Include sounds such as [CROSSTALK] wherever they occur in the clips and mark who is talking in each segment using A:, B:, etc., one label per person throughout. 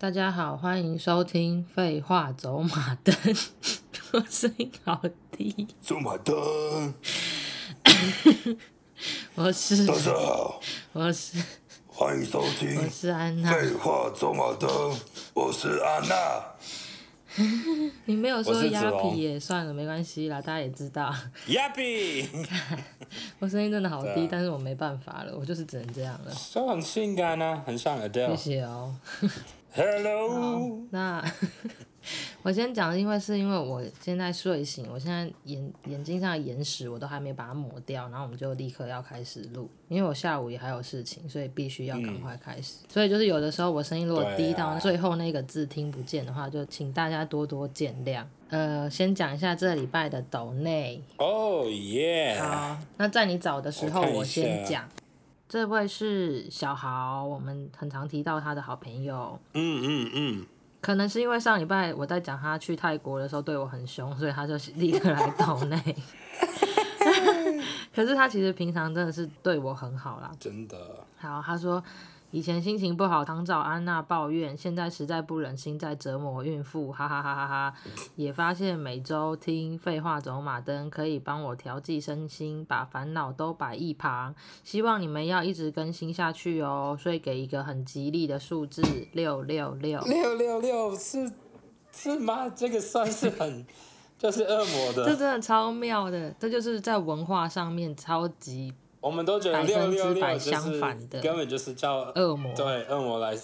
A: 大家好，歡迎收聽《廢話走馬燈》，我聲音好
B: 低。走馬燈， [COUGHS] 我是大家好，我是歡迎收聽，我是安娜。廢話走馬燈，我是安娜。
A: [COUGHS] 你沒有說丫皮耶，算了，沒關係啦，大家也知道。
B: 丫皮，你看
A: [COUGHS] 我聲音真的好低，但是我沒辦法了，我就是只能這樣了。
B: 就很性感啊，很像 Adele。謝謝哦。Hello，
A: 那 [LAUGHS] 我先講，因為是因為我現在睡醒，我現在眼眼睛上的眼屎我都還沒把它抹掉，然後我們就立刻要開始錄，因為我下午也還有事情，所以必須要趕快開始，嗯。所以就是有的時候我聲音如果低，啊、到最後那個字聽不見的話，就請大家多多見諒。呃，先講一下這禮拜的抖內。
B: 哦耶，好，
A: 那在你找的時候我，我先講。
B: 這
A: 位是小豪，我們很常提到他的好朋友。嗯嗯嗯，可能是因為上禮拜我在講他去泰國的時候對我很凶，所以他就立刻來抖內。 [LAUGHS] 可是他其實平常真的是對我很好啦。真的。好，他說。以前心情不好，常找安娜抱怨，現在實在不忍心再折磨孕婦，哈哈哈哈哈哈。也發現每周聽廢話走馬燈可以幫我調劑身心，把煩惱都擺一旁。希望你們要一直更新下去哦，所以給一個很吉利的數字，六六六六六六。
B: 是，是嗎？這個算是很 [LAUGHS] 就是惡魔的，這
A: 真的超妙的，這就是在文化上面超級。
B: 我們都覺得六六六百分之百相反的，根本就是叫惡魔，對惡魔來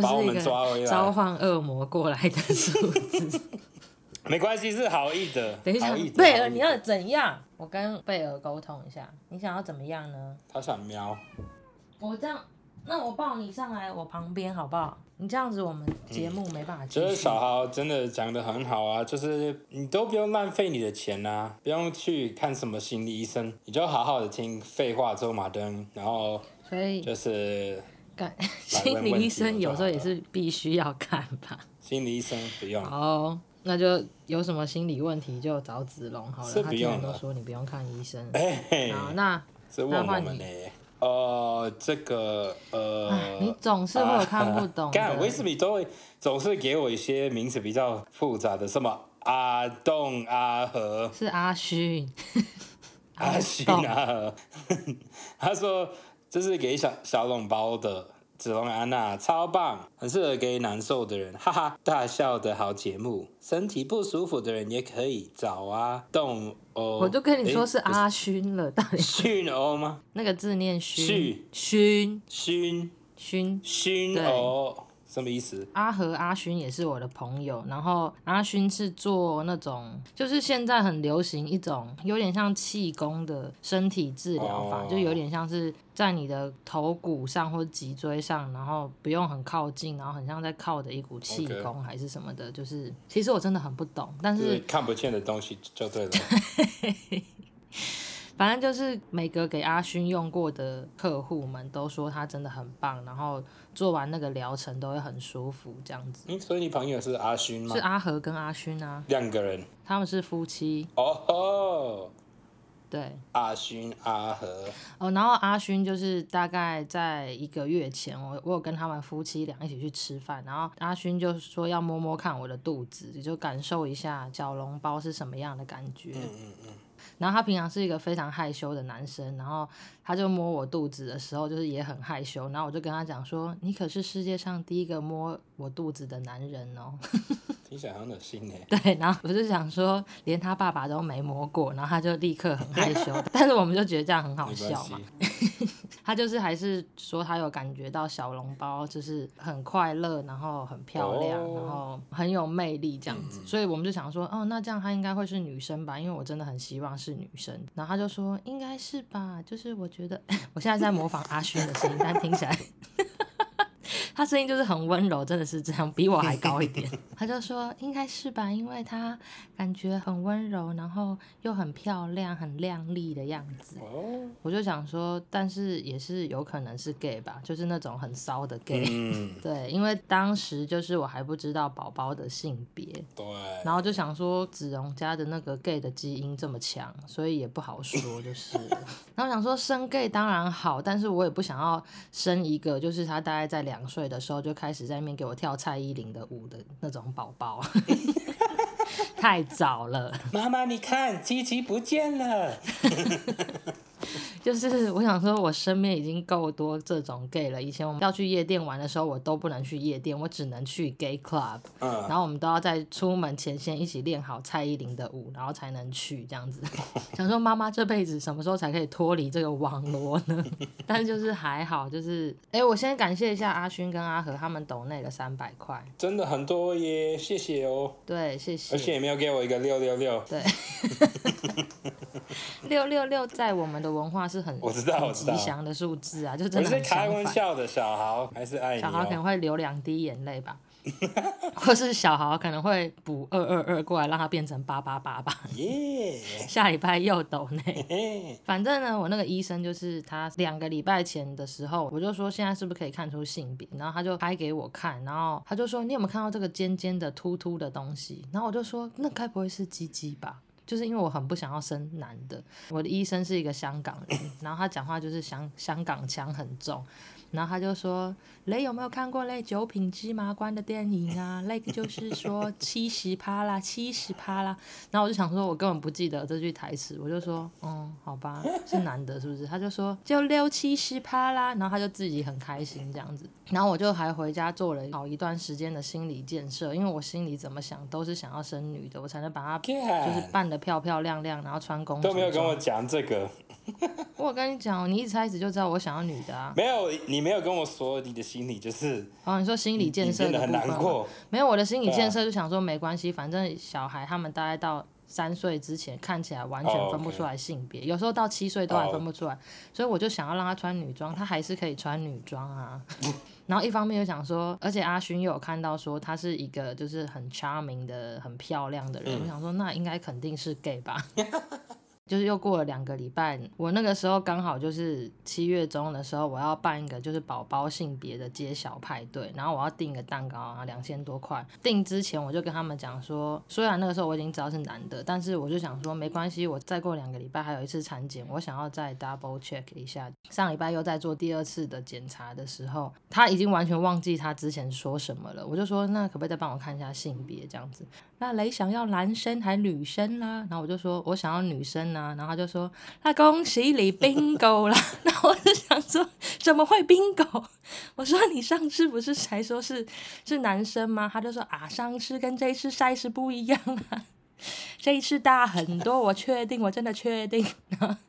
B: 把我們抓回來， [LAUGHS] 召喚惡魔過來的數字， [LAUGHS] 沒關係，是好意的。等一下，
A: 貝兒，你要怎樣？我跟貝兒溝通一下，你想要怎麼樣呢？
B: 他想瞄。
A: 我這樣。那我抱你上來我旁邊好不好？你這樣子我們節目沒辦法、嗯、就是小
B: 豪真的講得很好啊，就是你都不用浪費你的錢啊，不用去看什麼心理醫生，你就好好的聽廢話走馬燈。然後、就是、所
A: 以就是心理醫生有時候也是必須要看吧。
B: 心理醫生不用。
A: 好，那就有什麼心理問題就找子龍
B: 好了。是不用。都
A: 說你不用看醫生。哎、欸、嘿。好，那問，那換你。
B: 呃，這個呃，你總是會有看不懂、啊。幹，為什麼都會總是給我一些名字比較複雜的，什麼阿棟、阿、啊、和、啊，是阿勳， [LAUGHS] 阿勳阿和。啊啊、 [LAUGHS] 他說這是給小小龍包的，子龍安娜超棒，很適合給難受的人，哈哈大笑的好節目，身體不舒服的人也可以找啊，動 Oh, 我就跟你說是
A: 阿熏了。欸，到
B: 底是熏哦嗎？
A: 那個字念
B: 熏，熏，熏，熏，熏哦。對。什
A: 麼意思？阿和阿勳也是我的朋友，然後阿勳是做那種，就是現在很流行一種，有點像氣功的身體治療法，Oh. 就有點像是在你的頭骨上或脊椎上，然後不用很靠近，然後很像在靠着一股氣功還是什麼的，Okay. 就是其實我真的很不懂，但是、就是、
B: 看不見的東西就對了。 [LAUGHS]
A: 反正就是每個給阿勳用過的客戶們都說他真的很棒，然後做完那個療程都會很舒服這樣
B: 子，嗯。所以你朋友是阿勳嗎？是阿
A: 和跟阿勳啊，
B: 兩個人。
A: 他們是夫妻。哦、oh！對，
B: 阿勳、阿和。
A: 哦，然後阿勳就是大概在一個月前，我我有跟他們夫妻倆一起去吃飯，然後阿勳就說要摸摸看我的肚子，就感受一下小籠包是什麼樣的感覺。嗯嗯，嗯。然後他平常是一個非常害羞的男生，然後他就摸我肚子的時候，就是也很害羞。然後我就跟他講說：“你可是世界上第一個摸。”我肚子的男人哦，聽
B: 起來很惡心哎、欸 [LAUGHS] 。
A: 對，然後我就想說，連他爸爸都沒摸過，然後他就立刻很害羞。 [LAUGHS] 但是我們就覺得這樣很好笑嘛。 [LAUGHS] 他就是還是說他有感覺到小籠包就是很快樂，然後很漂亮、哦，然後很有魅力這樣子。嗯嗯，所以我們就想說，哦，那這樣他應該會是女生吧？因為我真的很希望是女生。然後他就說應該是吧，就是我覺得 [LAUGHS] 我現在在模仿阿勳的聲音， [LAUGHS] 但聽起來。 [LAUGHS] 他聲音就是很溫柔，真的是這樣，比我還高一點。 [LAUGHS] 他就說應該是吧，因為他感覺很溫柔，然後又很漂亮、很亮麗的樣子、哦。我就想說，但是也是有可能是 gay 吧，就是那種很騷的 gay、嗯。 [LAUGHS] 對，因為當時就是我還不知道寶寶的性別。對。然後就想說，子龍家的那個 gay 的基因這麼強，所以也不好說，就是。 [LAUGHS] 然後想說生 gay 當然好，但是我也不想要生一個，就是他大概在兩歲。的時候就開始在那邊給我跳蔡依林的舞的那種寶寶，太早了。媽媽，你
B: 看，七七不見了。 [LAUGHS]
A: 就是我想說，我身邊已經夠多這種 gay 了。以前我們要去夜店玩的時候，我都不能去夜店，我只能去 gay club、uh。然後我們都要在出門前先一起練好蔡依林的舞，然後才能去這樣子。想說媽媽這輩子什麼時候才可以脫離這個網絡呢？ [LAUGHS] 但就是還好，就是哎、欸，我先感謝一下阿勳跟阿和他們，抖內的三百塊，
B: 真的很多耶，謝謝哦。
A: 對，謝謝。而且
B: 也沒有給我一個六六六。對。 [LAUGHS]
A: 六六六在我們的文化是很我知道吉祥的數字啊，就真的是開玩笑
B: 的，小豪還是愛你，哦。小豪可能會
A: 流兩滴眼淚吧， [LAUGHS] 或是小豪可能會補二二二過來，讓它變成八八八吧。耶，yeah! [LAUGHS] 下禮拜又抖內。Yeah! 反正呢，我那個醫生就是他兩個禮拜前的時候，我就說現在是不是可以看出性別？然後他就拍給我看，然後他就說你有沒有看到這個尖尖的突突的東西？然後我就說那該不會是雞雞吧？就是因為我很不想要生男的，我的醫生是一個香港人，然後他講話就是香香港腔很重。然後他就說：“雷有沒有看過《那九品芝麻官》的電影啊？那個就是說七十趴啦，七十趴啦。”然後我就想說，我根本不記得這句台詞，我就說：“嗯，好吧，是男的，是不是？”他就說：“就六七十趴啦。”然後他就自己很開心這樣子。然後我就還回家做了好一段時間的心理建設，因為我心裡怎麼想都是想要生女的，我才能把她就是扮得漂漂亮亮，然後穿工都沒有跟我
B: 講這個。
A: [LAUGHS] 我跟你講，你一開始就知道我想要女的啊。
B: 沒有，你沒有跟我說你的心理就是。
A: 哦，你說心理建設。真的很難過。沒有，我的心理建設就想說沒關係，啊，反正小孩他們大概到三歲之前看起來完全分不出來性別，oh, okay. 有時候到七歲都還分不出來，oh. 所以我就想要讓他穿女裝，他還是可以穿女裝啊。 [LAUGHS] 然後一方面又想說，而且阿勳又有看到說他是一個就是很 charming 的、很漂亮的人，嗯、我想說那應該肯定是 gay 吧。 [LAUGHS] 就是又過了兩個禮拜，我那個時候剛好就是七月中的時候，我要辦一個就是寶寶性別的揭曉派對，然後我要訂個蛋糕啊，兩千多塊。訂之前我就跟他們講說，雖然那個時候我已經知道是男的，但是我就想說沒關係，我再過兩個禮拜還有一次產檢，我想要再 double check 一下。上禮拜又在做第二次的檢查的時候，他已經完全忘記他之前說什麼了。我就說，那可不可以再幫我看一下性別，這樣子。那雷想要男生還女生啦，啊，然後我就說我想要女生呢，啊。然後他就說，那、啊、恭喜你 bingo 啦 [LAUGHS] 然後我就想說怎麼會 bingo？我說你上次不是才說是是男生嗎？他就說啊，上次跟這次 size 不一樣啊。這一次大很多，我確定，我真的確定。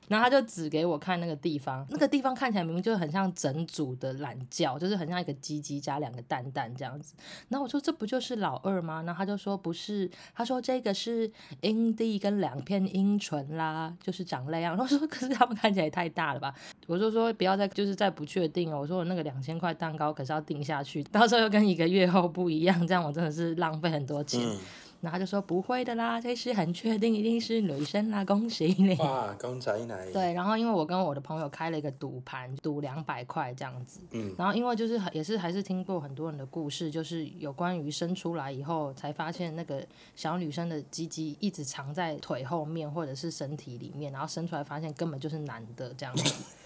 A: 然後他就指給我看那個地方，那個地方看起來明明就很像整組的懶覺，就是很像一個雞雞加兩個蛋蛋這樣子。然後我說這不就是老二嗎？然後他就說不是，他說這個是陰蒂跟兩片陰唇啦，就是長那樣。然後說可是他們看起來也太大了吧？我就說不要再，就是再不確定哦，我說我那個兩千塊蛋糕可是要定下去，到時候又跟一個月後不一樣，這樣我真的是浪費很多錢。嗯然後他就說不會的啦，這是很確定，一定是女生啦，恭喜
B: 你。哇，公仔奶。對，
A: 然後因為我跟我的朋友開了一個賭盤，賭兩百塊這樣子。嗯。然後因為就是也是還是聽過很多人的故事，就是有關於生出來以後才發現那個小女生的雞雞一直藏在腿後面或者是身體裡面，然後生出來發現根本就是男的這樣子。 [LAUGHS]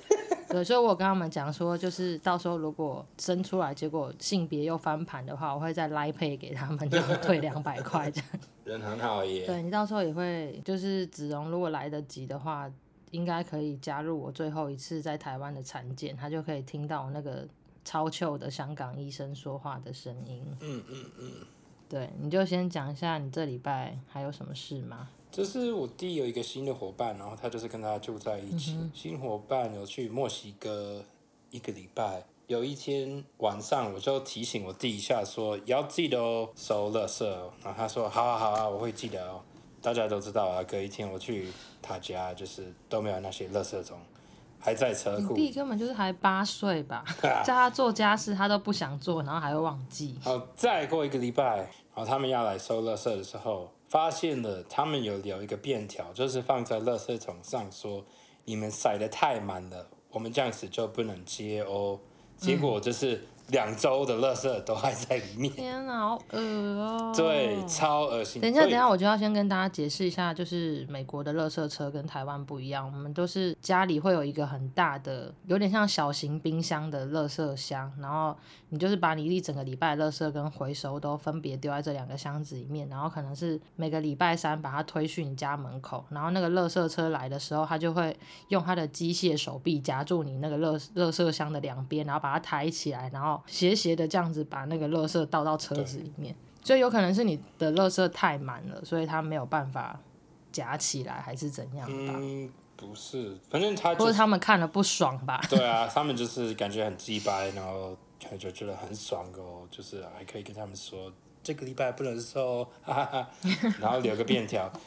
A: 對，所以我跟他們講說，就是到時候如果生出來，結果性別又翻盤的話，我會再拉配給他們，就退兩百塊這樣。
B: 人很好耶。
A: 對，你到時候也會，就是子龍如果來得及的話，應該可以加入我最後一次在台灣的產檢，他就可以聽到那個超糗的香港醫生說話的聲音。嗯嗯嗯。對，你就先講一下你這禮拜還有什麼事嗎？
B: 就是我弟有一個新的夥伴，然後他就是跟他住在一起，嗯。新夥伴有去墨西哥一個禮拜，有一天晚上我就提醒我弟一下說，要記得哦，收垃圾。然後他說，好啊好啊，我會記得哦。大家都知道啊，隔一天我去他家，就是都沒有那些垃圾中還在車庫。弟
A: 根本就是還八歲吧？ [LAUGHS] 叫他做家事，他都不想做，然後還會忘
B: 記。好，再過一個禮拜，然後他們要來收垃圾的時候。發現了，他們有留一個便條，就是放在垃圾桶上說：“你們塞得太滿了，我們這樣子就不能接哦。”嗯，結果就是。兩週的垃
A: 圾都還在裡面。
B: 天啊，好惡哦、喔！對，超惡心。等一下，等一下，我
A: 就要先跟大家解釋一下，就是美國的垃圾車跟台灣不一樣。我們都是家裡會有一個很大的，有點像小型冰箱的垃圾箱，然後你就是把你一整個禮拜垃圾跟回收都分別丟在這兩個箱子裡面，然後可能是每個禮拜三把它推去你家門口，然後那個垃圾車來的時候，它就會用它的機械手臂夾住你那個垃垃圾箱的兩邊，然後把它抬起來，然後。斜斜的這樣子把那個垃圾倒到車子裡面，所以有可能是你的垃圾太滿了，所以他沒有辦法夾起來，還是怎樣？
B: 嗯，不是，反正他、就是、不是他
A: 們看了不爽
B: 吧、就是？對啊，他們就是感覺很雞掰，然後就覺、覺得很爽哦、喔， [LAUGHS] 就是還可以跟他們說這個禮拜不能收，然後留個便條。 [LAUGHS]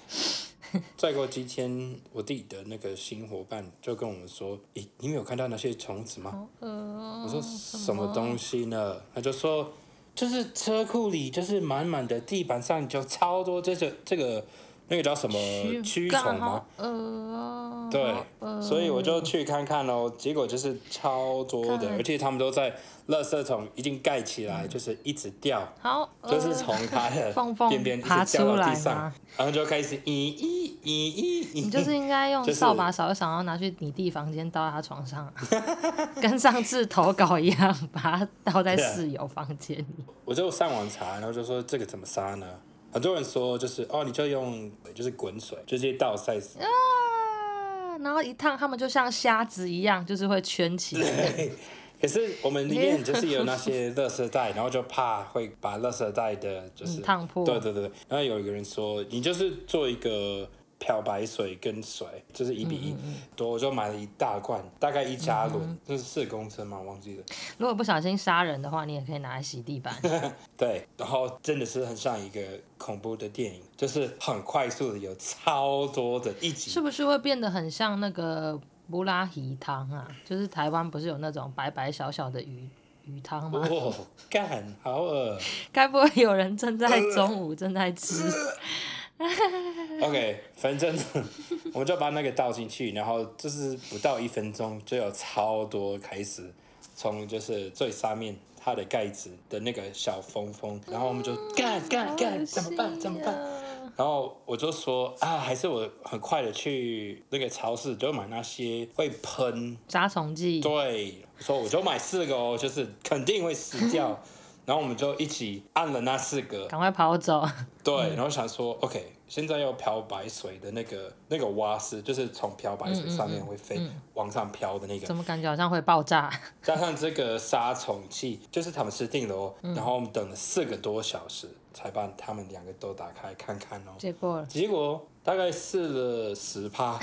B: [LAUGHS] 再過幾天，我弟的那個新夥伴就跟我們說：“誒，你沒有看到那些蟲子嗎？”
A: 哦呃、我說什：“什麼東
B: 西呢？”他就說：“就是車庫裡，就是滿滿的地板上，就超多這個這個。”那個叫什麼蛆蟲嗎？呃，對呃，所以我就去看看哦，結果就是超多的，而且他們都在，垃圾桶已經蓋起來，嗯，就是一直掉，
A: 好，呃、就是從它的邊邊一直掉到地上，放
B: 放然後就開始咦咦咦咦。你就是應
A: 該用掃把掃，然、就、後、是、拿去你弟房間倒他床上， [LAUGHS] 跟上次投稿一樣，把它倒在室友房間裡。
B: 我就上網查，然後就說，這個怎麼殺呢？很多人說，就是哦，你就用就是滾水，直接倒塞死
A: 然後一燙，他們就像蝦子一樣，就是會圈起來。
B: 可是我們裡面就是有那些垃圾袋， [LAUGHS] 然後就怕會把垃圾袋的就是燙破，嗯。對對對，然後有一個人說，你就是做一個。漂白水跟水就是一比一，多、嗯、我就買了一大罐，大概一加崙、嗯，就是四公升嘛，忘記了。
A: 如果不小心殺人的話，你也可以拿來洗地板。
B: [LAUGHS] 對，然後真的是很像一個恐怖的電影，就是很快速的有超多的一集。是
A: 不是會變得很像那個布拉魚湯啊？就是台灣不是有那種白白小小的魚魚湯嗎？
B: 幹、哦，好噁。
A: 該不會有人正在中午正在吃？呃呃
B: [LAUGHS] OK，反正我們就把那個倒進去，然後就是不到一分鐘就有超多開始從就是最上面它的蓋子的那個小縫縫，然後我們就幹干干，怎麼辦？怎麼辦？然後我就說啊，還是我很快的去那個超市就買那些會噴殺蟲劑，對，所以說我就買四個哦，就是肯定會死掉。 [LAUGHS] 然後我們就一起按了那四個，趕
A: 快跑走。
B: 對，嗯、然後想說，OK，現在有漂白水的那個那個瓦斯，就是從漂白水上面會飛嗯嗯嗯往上飄的那個，怎麼
A: 感覺好像會爆炸？
B: 加上這個殺蟲劑，就是他們吃定嘍、哦嗯。然後我們等了四個多小時，才把他們兩個都打開看看哦，結果，結果。大概試了十趴，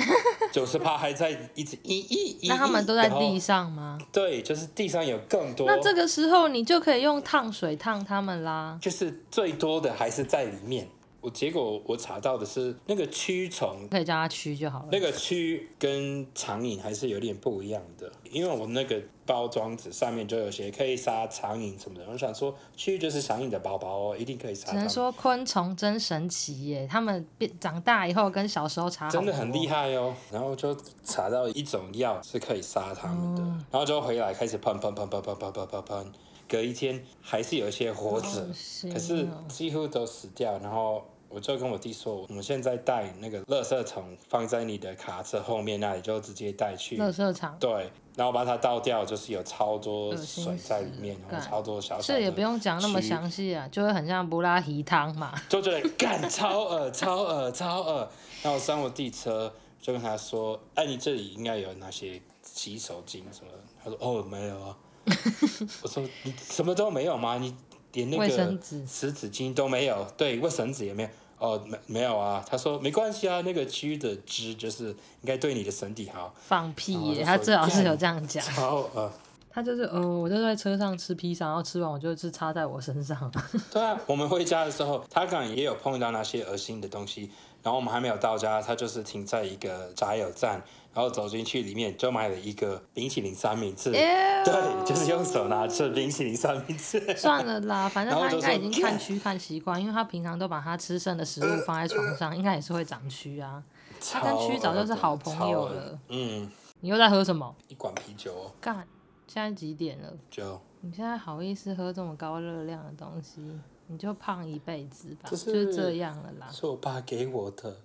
B: 九十趴還在一直咿咿咿。那他們都在地上嗎？對，就是地上有更多。那這
A: 個時候你就可以用燙水燙他們啦。就是
B: 最多的還是在裡面。我結果我查到的是那個蛆蟲，可以
A: 叫它蛆就好了。那
B: 個蛆跟蒼蠅還是有點不一樣的，因為我那個包裝紙上面就有些可以殺蒼蠅什麼的。我想說，蛆就是蒼蠅的寶寶哦，一定可以殺。只能說
A: 昆蟲真神奇耶，他們變長大以後跟小時候差，真的很厲
B: 害哦。然後就查到一種藥是可以殺它們的，嗯，然後就回來開始噴噴噴噴噴噴噴噴，隔一天還是有一些活着，哦，可是幾乎都死掉，然後。我就跟我弟說，我們現在帶那個垃圾桶，放在你的卡車後面，那裡就直接帶去垃圾場。對，然後把它倒掉，就是有超多水在裡面，超多小、小。這也不用講那麼詳
A: 細啊，就會很像布拉提湯嘛。
B: 就覺得幹超噁、超噁、超噁。超噁 [LAUGHS] 然後我上我弟車，就跟他說：“哎、啊，你這裡應該有哪些洗手巾什麼？”他說：“哦，沒有啊。 [LAUGHS] ”我說：“你什麼都沒有嗎？你連那個衛生紙、濕紙巾都沒有？對，衛生紙也沒有。”哦，沒沒有啊，他說沒關係啊，那個蛆的汁就是應該對你的身體好。
A: 放屁耶！他最好是有這樣講。好，呃，他就是呃、哦，我就在車上吃披薩，然後吃完我就是插在我身上。
B: 對啊，我們回家的時候，他可能也有碰到那些噁心的東西。然後我們還沒有到家，他就是停在一個加油站，然後走進去裡面就買了一個冰淇淋三明治，欸、對，就是用手拿着冰淇淋三明治。算
A: 了啦，反正他應該已經看蛆看習慣、呃，因為他平常都把他吃剩的食物放在床上，呃呃、應該也是會長蛆啊。
B: 他跟蛆早就是好朋友了。嗯。你又在喝什麼？一罐啤酒、哦。幹。
A: 現在幾點
B: 了？
A: 就。你現在好意思喝這麼高熱量的東西？你就胖一輩子吧，就這樣了啦。
B: 是我爸給我的，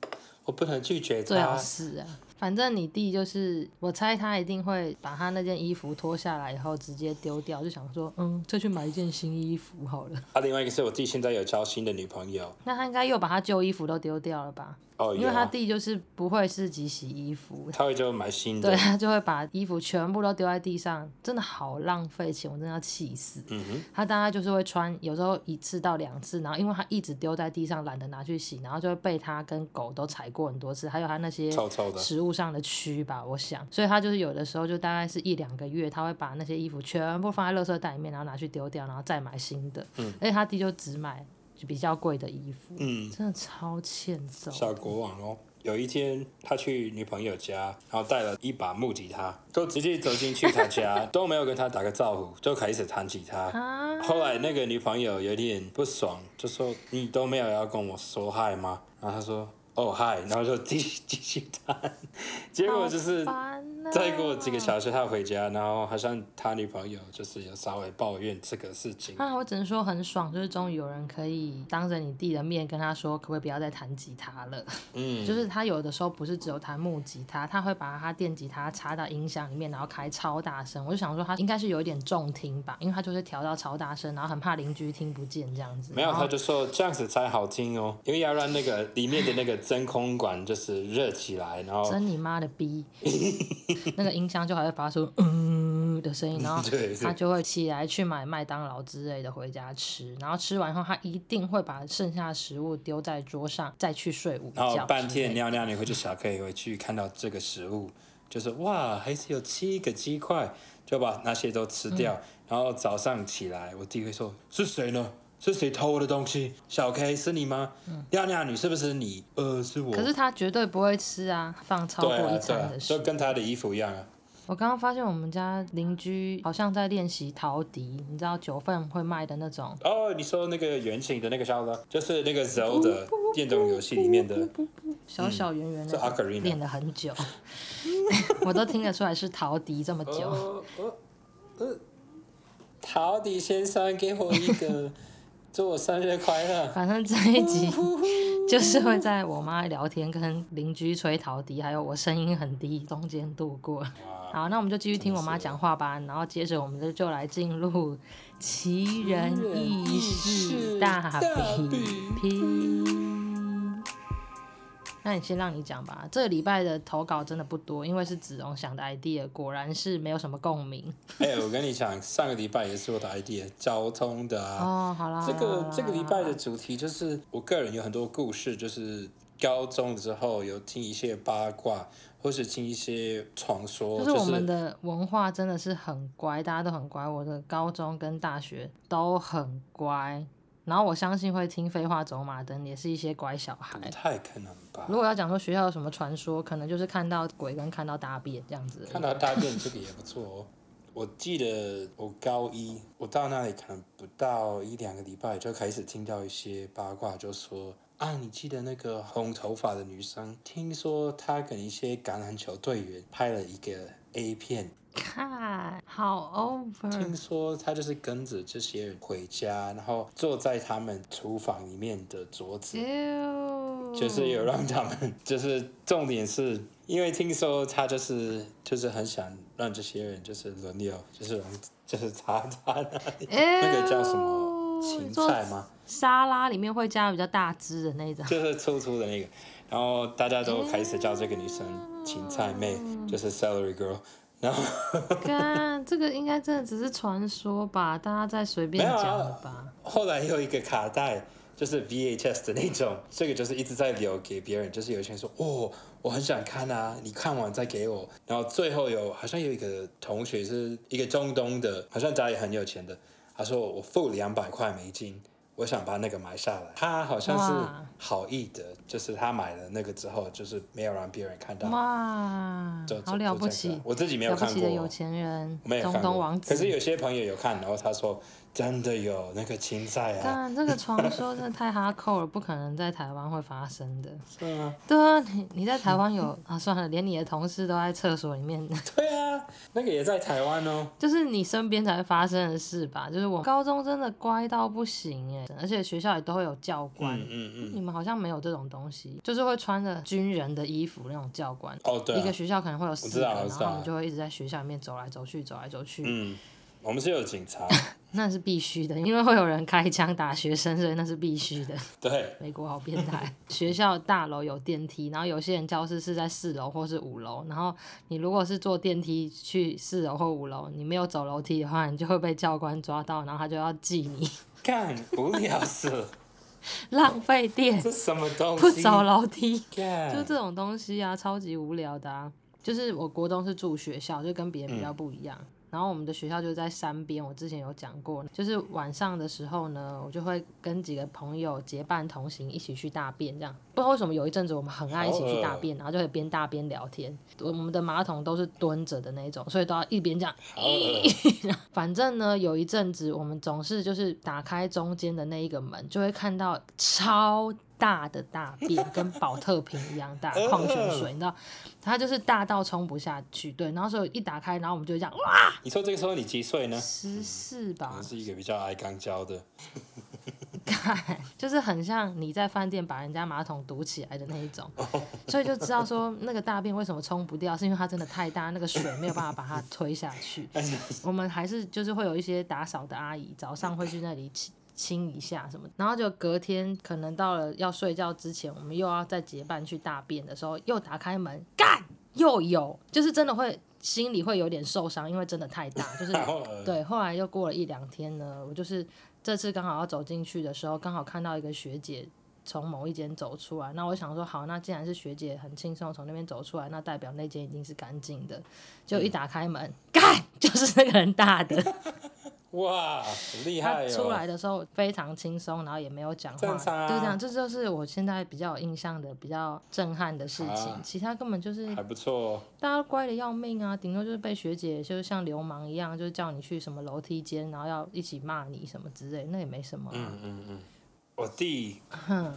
B: 我不能拒絕。這樣是啊。
A: 反正你弟就是，我猜他一定會把他那件衣服脫下來以後直接丟掉，就想說，嗯，再去買一件新衣服好了。
B: 他、啊、另外一個是我弟現在有交新的女朋友，
A: 那他應該又把他舊衣服都丟掉了吧？哦，因為他弟就是不會自己洗、哦、洗衣服，
B: 他會就買新的，對，他
A: 就會把衣服全部都丟在地上，真的好浪費錢，我真的要氣死。嗯哼，他大概就是會穿，有時候一次到兩次，然後因為他一直丟在地上，懶得拿去洗，然後就會被他跟狗都踩過很多次，還有他那些，臭臭的，食物。路上的蛆吧，我想，所以他就是有的時候就大概是一兩個月，他會把那些衣服全部放在垃圾袋裡面，然後拿去丟掉，然後再買新的。嗯，而且他弟就只買就比較貴的衣服，嗯，真的超欠揍。
B: 小國王哦，有一天他去女朋友家，然後帶了一把木吉他，就直接走進去他家， [LAUGHS] 都沒有跟他打個招呼，就開始彈吉他。啊！後來那個女朋友有點不爽，就說：“你都沒有要跟我說嗨嗎？”然後他說。哦，嗨！然後就繼續繼續談， [LAUGHS] 結果就是。Oh, 再過幾個小時他回家，然後好像他女朋友就是有稍微抱怨這個事情。啊，
A: 我只能說很爽，就是終於有人可以當着你弟的面跟他說，可不可以不要再彈吉他了。嗯，就是他有的時候不是只有彈木吉他，他會把他電吉他插到音響裡面，然後開超大聲。我就想說他應該是有一點重聽吧，因為他就是調到超大聲，然後很怕鄰居聽不見這樣子。沒有，他
B: 就說這樣子才好聽哦，因為要讓那個裡面的那個真空管就是熱起來，然後真你
A: 媽的逼。 [LAUGHS] [LAUGHS] 那個音箱就還會發出嗯的聲音，然後他就會起來去買麥當勞之類的回家吃，然後吃完後他一定會把剩下的食物丟在桌上，再去睡午覺。然後
B: 半天尿尿你回去小可以回去看到這個食物，就是哇，還是有七個雞塊，就把那些都吃掉。嗯，然後早上起來，我弟會說是誰呢？是誰偷我的東西？小 K 是你嗎？亞、嗯、亞女是不是你？呃，是我。可是
A: 他絕對不會吃啊！放超過一餐的水。對、啊對
B: 啊、就跟他的衣服一樣啊。
A: 我剛剛發現我們家鄰居好像在練習陶笛，你知道九份會賣的那種。
B: 哦，你說那個圓形的那個小哥就是那個 Zelda 電動遊戲裡面的
A: 小小圓圓的，嗯那個、練了很久， [LAUGHS] 我都聽得出來是陶笛這麼久。哦哦、
B: 呃，陶笛先生給我一個。 [LAUGHS]
A: 祝我生日快樂！反正這一集就是會在我媽聊天，跟鄰居吹陶笛，還有我聲音很低中間度過。好，那我們就繼續聽我媽講話吧。然後接着我們就，就來進入奇人異事大比拼。那你先讓你講吧。這個禮拜的投稿真的不多，因為是子龍想的 idea，果然是沒有什麼共鳴。
B: 哎、、 [LAUGHS] 欸，我跟你講，上個禮拜也是我的 idea，交通的、
A: 啊、哦，好啦。這個這個禮拜的
B: 主題就是，我個人有很多故事，就是高中之後有聽一些八卦，或是聽一些傳說、就是。就是我們的
A: 文化真的是很乖，大家都很乖。我的高中跟大學都很乖。然後我相信會聽廢話走馬燈，也是一些乖小孩。不太可能吧？如果要講說學校有什麼傳說，可能就是看到鬼跟看到大便這樣子。看到大便
B: 這個也不錯哦。 [LAUGHS] 我記得我高一，我到那裡可能不到一兩個禮拜就開始聽到一些八卦，就說啊，你記得那個紅頭髮的女生？聽說她跟一些橄欖球隊員拍了一個。A 片
A: 看好
B: over。聽說他就是跟着這些人回家，然後坐在他們廚房裡面的桌子，
A: 就是有讓他
B: 們，就是重點是，因為聽說他就是就是很想讓這些人就是輪流就是就是插餐，那個叫什麼？
A: 芹菜嗎？沙拉裡面會加比較大支的那種，就
B: 是粗粗的那個。然後大家都開始叫這個女生“芹菜妹”，就是 “Celery Girl”。然後幹，
A: 看 [LAUGHS] 這個應該真的只是傳說吧，大家在隨便叫吧，
B: 啊。後來有一個卡帶，就是 VHS 的那種， [LAUGHS] 這個就是一直在留給別人，就是有些人說：“哦，我很想看啊，你看完再給我。”然後最後有好像有一個同學是一個中東的，好像家裡很有錢的，他說：“我付兩百塊美金。”我想把那個買下來。他好像是好意的，就是他買了那個之後，就是沒有讓別人看到。哇，就好了不起、這個！我自己沒有
A: 看過。我沒有看過。可是
B: 有些朋友有看，然後他說。真的有那個青菜啊？當然，這
A: 個傳說真的太哈扣了， [LAUGHS] 不可能在台灣會發生的。對啊，對啊，你你在台灣有 [LAUGHS] 啊？算了，連你的同事都在廁所裡面。 [LAUGHS] 對啊，那個
B: 也在台灣哦。就是
A: 你身邊才會發生的事吧？就是我高中真的乖到不行耶，而且學校也都會有教官。嗯，嗯，嗯。你們好像沒有這種東西，就是會穿着軍人的衣服那種教官。哦，對啊。一個學校可能會有四個，然後你就會一直在學校裡面走來走去，走來走去。
B: 嗯我們是有警
A: 察， [LAUGHS] 那是必須的，因為會有人開槍打學生，所以那是必須的。對，美國好變態， [LAUGHS] 學校大樓有電梯，然後有些人教室是在四樓或是五樓，然後你如果是坐電梯去四樓或五樓，你沒有走樓梯的話，你就會被教官抓到，然後他就要記你。
B: 幹 [LAUGHS] 不了事，
A: [LAUGHS] 浪費
B: 電，這什麼東西？不走樓梯，就
A: 這種東西啊，超級無聊的啊。就是我國中是住學校，就跟別人比較不一樣。嗯然後我們的學校就在山邊，我之前有講過，就是晚上的時候呢，我就會跟幾個朋友結伴同行一起去大便，這樣不知道為什麼有一陣子我們很愛一起去大便，然後就會邊大邊聊天。我們的馬桶都是蹲着的那種，所以都要一邊這樣。 [LAUGHS] 反正呢，有一陣子我們總是就是打開中間的那一個門，就會看到超。大的大便跟保特瓶一樣大，礦 [LAUGHS] 泉水，你知道，它就是大到沖不下去。對，然後所以一打開，然後我們就這樣哇。
B: 你說這個時候你幾歲呢？嗯、十
A: 四吧。
B: 是一個比較愛肛交的。
A: [LAUGHS] 就是很像你在飯店把人家馬桶堵起來的那一種。 [LAUGHS] 所以就知道說那個大便為什麼沖不掉，是因為它真的太大，那個水沒有辦法把它推下去。 [LAUGHS] 我們還是就是會有一些打掃的阿姨早上會去那裡起。親一下什麼，然後就隔天可能到了要睡覺之前，我們又要再結伴去大便的時候，又打開門，幹！又有，就是真的會心裡會有點受傷，因為真的太大，就是 [LAUGHS] 對。後來又過了一兩天呢，我就是這次剛好要走進去的時候，剛好看到一個學姐。從某一間走出來，那我想說好，那既然是學姐很輕鬆從那邊走出來，那代表那間一定是乾淨的。就一打開門，幹、嗯，就是那個人大的。
B: [LAUGHS] 哇，很厲害、哦！出來的
A: 時候非常輕鬆，然後也沒有講
B: 話、啊，就這樣，這
A: 就是我現在比較有印象的、比較震撼的事情。啊、其他根本就是
B: 還不錯、
A: 哦，大家乖的要命啊，頂多就是被學姐就像流氓一樣，就是叫你去什麼樓梯間，然後要一起罵你什麼之類，那也沒什麼、啊。嗯嗯
B: 嗯。我弟、嗯、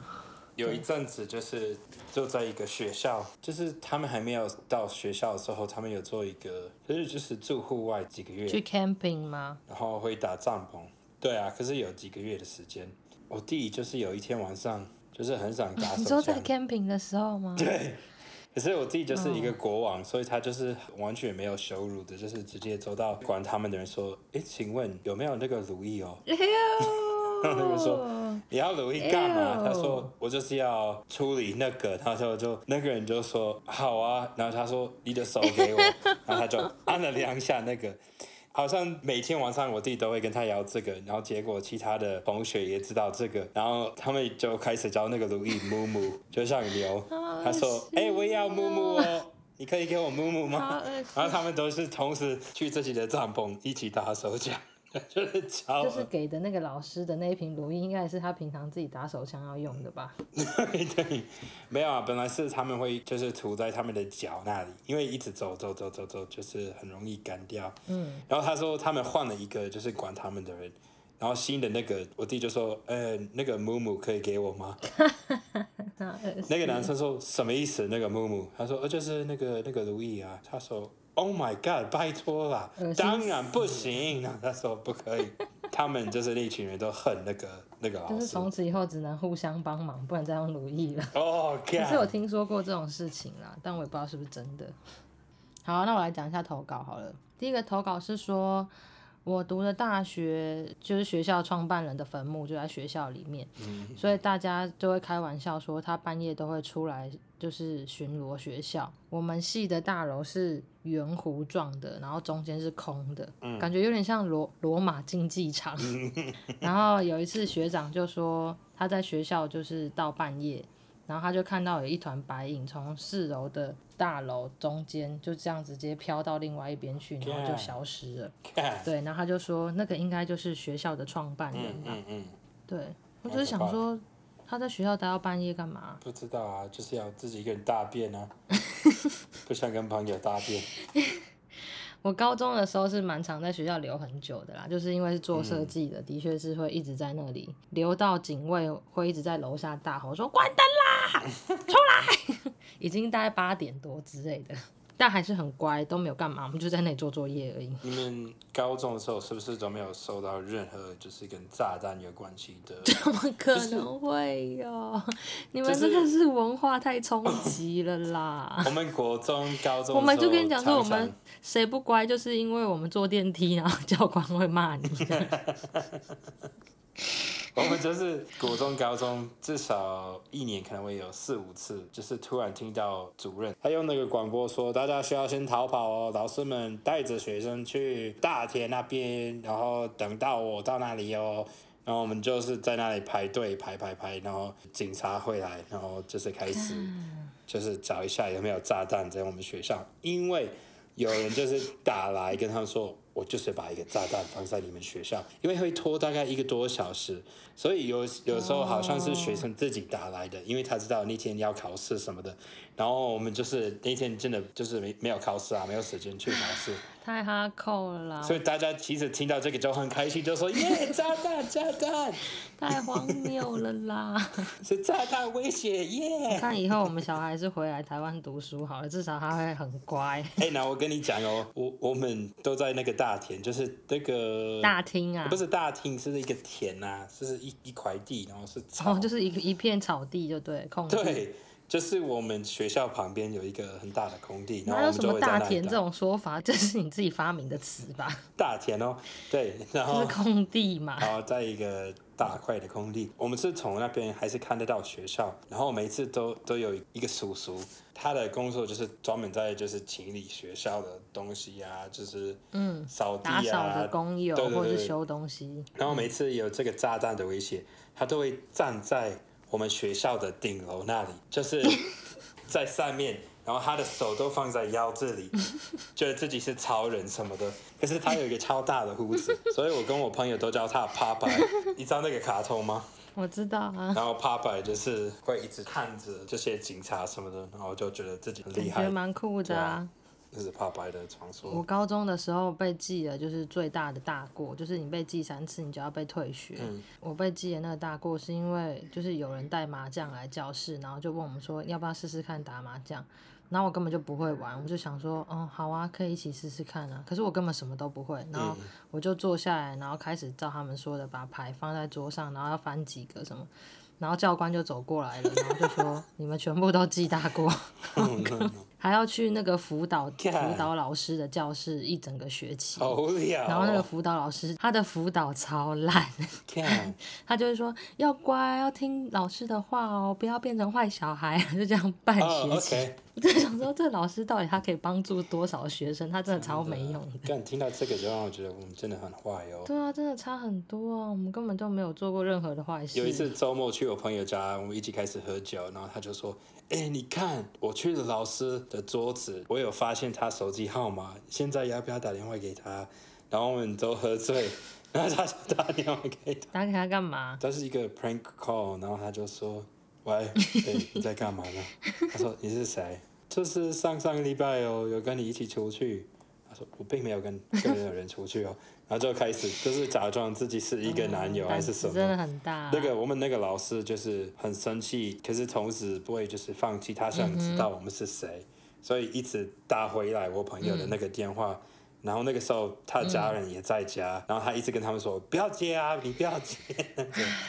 B: 有一陣子就是坐在一個學校，就是他們還沒有到學校的時候，他們有做一個，可、就是就是住戶外幾個月去
A: camping 嗎？
B: 然後會打帳篷，對啊。可是有幾個月的時間，我弟就是有一天晚上就是很想打。你說
A: 在 camping 的時候嗎？對。
B: 可是我弟就是一個國王，所以他就是完全沒有羞辱的，就是直接走到管他們的人說：“哎，請問有沒有那個乳液哦？” [LAUGHS] [LAUGHS] 然後他就說：“
A: 你要如意幹嘛？”他說：“
B: 我就是要處理那個。”然後就，就那個人就說：“好啊。”然後他說：“你的手給我。 [LAUGHS] ”然後他就按了兩下那個。好像每天晚上我弟都會跟他要這個。然後結果其他的同學也知道這個，然後他們就開始找那個如意摸摸，就像牛，哦。他說：“哎、欸，我也要摸摸哦， [LAUGHS] 你可以給我摸摸嗎？”然後他們都是同時去自己的帳篷一起打手腳。 [LAUGHS] 就，是就是
A: 給的那個老師的那一瓶蘆薈應該也是他平常自己打手槍要用的吧？ [LAUGHS]
B: 對，對，沒有啊，本來是他們會就是塗在他們的腳那裡，因為一直走走走走走，就是很容易乾掉。嗯，然後他說他們換了一個就是管他們的人，然後新的那個我弟就說，呃，那個木木可以給我嗎？
A: [LAUGHS] 那個男生
B: 說什麼意思？那個木木？他說，呃，就是那個那個蘆薈啊，他說。Oh my God！拜托啦、呃，當然不行。然後他說不可以， [LAUGHS] 他們就是那群人都恨那個那個好，就是從
A: 此以後只能互相幫忙，不然再用奴役了。
B: Oh God、其實我
A: 聽說過這種事情啦，但我也不知道是不是真的。好、啊，那我來講一下投稿好了。第一個投稿是說。我讀的大學就是學校創辦人的墳墓，就在學校裡面，嗯嗯、所以大家就會開玩笑說他半夜都會出來，就是巡邏學校。我們系的大樓是圓弧狀的，然後中間是空的，嗯、感覺有點像羅羅馬競技場、嗯。然後有一次學長就說他在學校就是到半夜。然後他就看到有一團白影從四樓的大樓中間就這樣直接飄到另外一邊去，然後就消失了。對，然後他就說那個應該就是學校的創辦人、啊、嗯嗯，嗯，對，我只是想說他在學校待到半夜幹嘛？
B: 不知道啊，就是要自己一個人大便啊， [LAUGHS] 不想跟朋友大便。
A: [LAUGHS] 我高中的時候是蠻常在學校留很久的啦，就是因為是做設計的，的確是會一直在那裡、嗯、留到警衛會一直在樓下大吼說關燈了。 [LAUGHS] [LAUGHS] 出來，已經大概八點多之類的，但還是很乖，都沒有幹嘛，我們就在那裡做作業而已。
B: 你們高中的時候是不是都沒有收到任何就是跟炸彈有關係的？怎
A: 麼可能會有？就是、你們真的是文化太衝擊了啦！就是、 [LAUGHS]
B: 我們國中、高中，我們就跟你講說，我們
A: 誰不乖，就是因為我們坐電梯，然後教官會罵你。 [LAUGHS]
B: 我們就是國中、高中，至少一年可能會有四五次，就是突然聽到主任他用那個廣播說，大家需要先逃跑哦，老師們帶着學生去大田那邊，然後等到我到那裡哦，然後我們就是在那裡排隊排排排，然後警察會來，然後就是開始，就是找一下有沒有炸彈在我們學校，因為。有人就是打來跟他們說，我就是把一個炸彈放在你們學校，因為會拖大概一個多小時，所以有有時候好像是學生自己打來的，因為他知道那天要考試什麼的，然後我們就是那天真的就是沒沒有考試啊，沒有時間去考試。
A: 太哈扣了啦，所以
B: 大家其實聽到這個就很開心， [LAUGHS] 就說耶！
A: 炸彈炸彈，太荒謬了啦， [LAUGHS] 是炸彈威脅耶！Yeah、看以後我們小孩還是回來台灣讀書好了，至少他會很乖。哎、
B: 欸，那我跟你講哦，我我們都在那個大田，就是那個大廳啊，不是大廳，是一個田啊，就是一一塊地，然後是草哦，就
A: 是一一片草地，就對，空地，對。
B: 就是我們學校旁邊有一個很大的空地，然後我們就會在那裡打。哪有什麼大田這
A: 種說法？這是你自己發明的詞吧？
B: [LAUGHS] 大田哦、喔，對，然後是空
A: 地嘛。然後
B: 在一個大塊的空地，我們是從那邊還是看得到學校？然後每次都都有一個叔叔，他的工作就是專門在就是清理學校的東西啊，就是掃地、啊、嗯，掃地打掃的工友，或者對，修
A: 東西。然後
B: 每次有這個炸彈的威脅，他都會站在。我們學校的頂樓那裡，就是在上面，然後他的手都放在腰這裡， [LAUGHS] 覺得自己是超人什麼的。可是他有一個超大的鬍子， [LAUGHS] 所以我跟我朋友都叫他“趴白”。你知道那個卡通嗎？
A: 我知道啊。
B: 然後“趴白”就是會一直看着這些警察什麼的，然後就覺得自己很厲害，蠻
A: 酷的啊。
B: 就是怕白的傳說。我
A: 高中的時候被記了，就是最大的大過，就是你被記三次，你就要被退學。嗯、我被記的那個大過是因為，就是有人帶麻將來教室，然後就問我們說要不要試試看打麻將。然後我根本就不會玩，我就想說，哦、嗯，好啊，可以一起試試看啊。可是我根本什麼都不會，然後我就坐下來，然後開始照他們說的把牌放在桌上，然後要翻幾個什麼，然後教官就走過來了，然後就說 [LAUGHS] 你們全部都記大過。 [LAUGHS] [LAUGHS] 還要去那個輔導輔導老師的教室一整個學期，oh, yeah. 然後那個輔導老師他的輔導超爛，yeah. [LAUGHS] 他就是說要乖要聽老師的話哦，不要變成壞小孩，就這樣半學期。我、oh, 在、okay. 想說，這個、老師到底他可以幫助多少學生？他真的超沒用。
B: 但聽到這個就讓我覺得我們真的很壞哦。對
A: 啊，真的差很多啊，我們根本都沒有做過任何的壞事。有一次
B: 週末去我朋友家，我們一起開始喝酒，然後他就說：“哎、欸，你看我去了老師。”的桌子，我有發現他手機號碼，現在要不要打電話給他？然後我們都喝醉，然後他就打電話給他，
A: 打給他幹嘛？
B: 這是一個 prank call，然後他就說：“喂、欸，你在幹嘛呢？” [LAUGHS] 他說：“你是誰？”就是上上個禮拜有、哦、有跟你一起出去，他說我並沒有跟並人，人出去哦， [LAUGHS] 然後就開始就是假裝自己是一個男友、嗯、還是什麼，
A: 真的很大、啊。那
B: 個我們那個老師就是很生氣，可是同時不會就是放棄，他想知道我們是誰。嗯所以一直打回來我朋友的那個電話，嗯、然後那個時候他家人也在家、嗯，然後他一直跟他們說不要接啊，你不要接，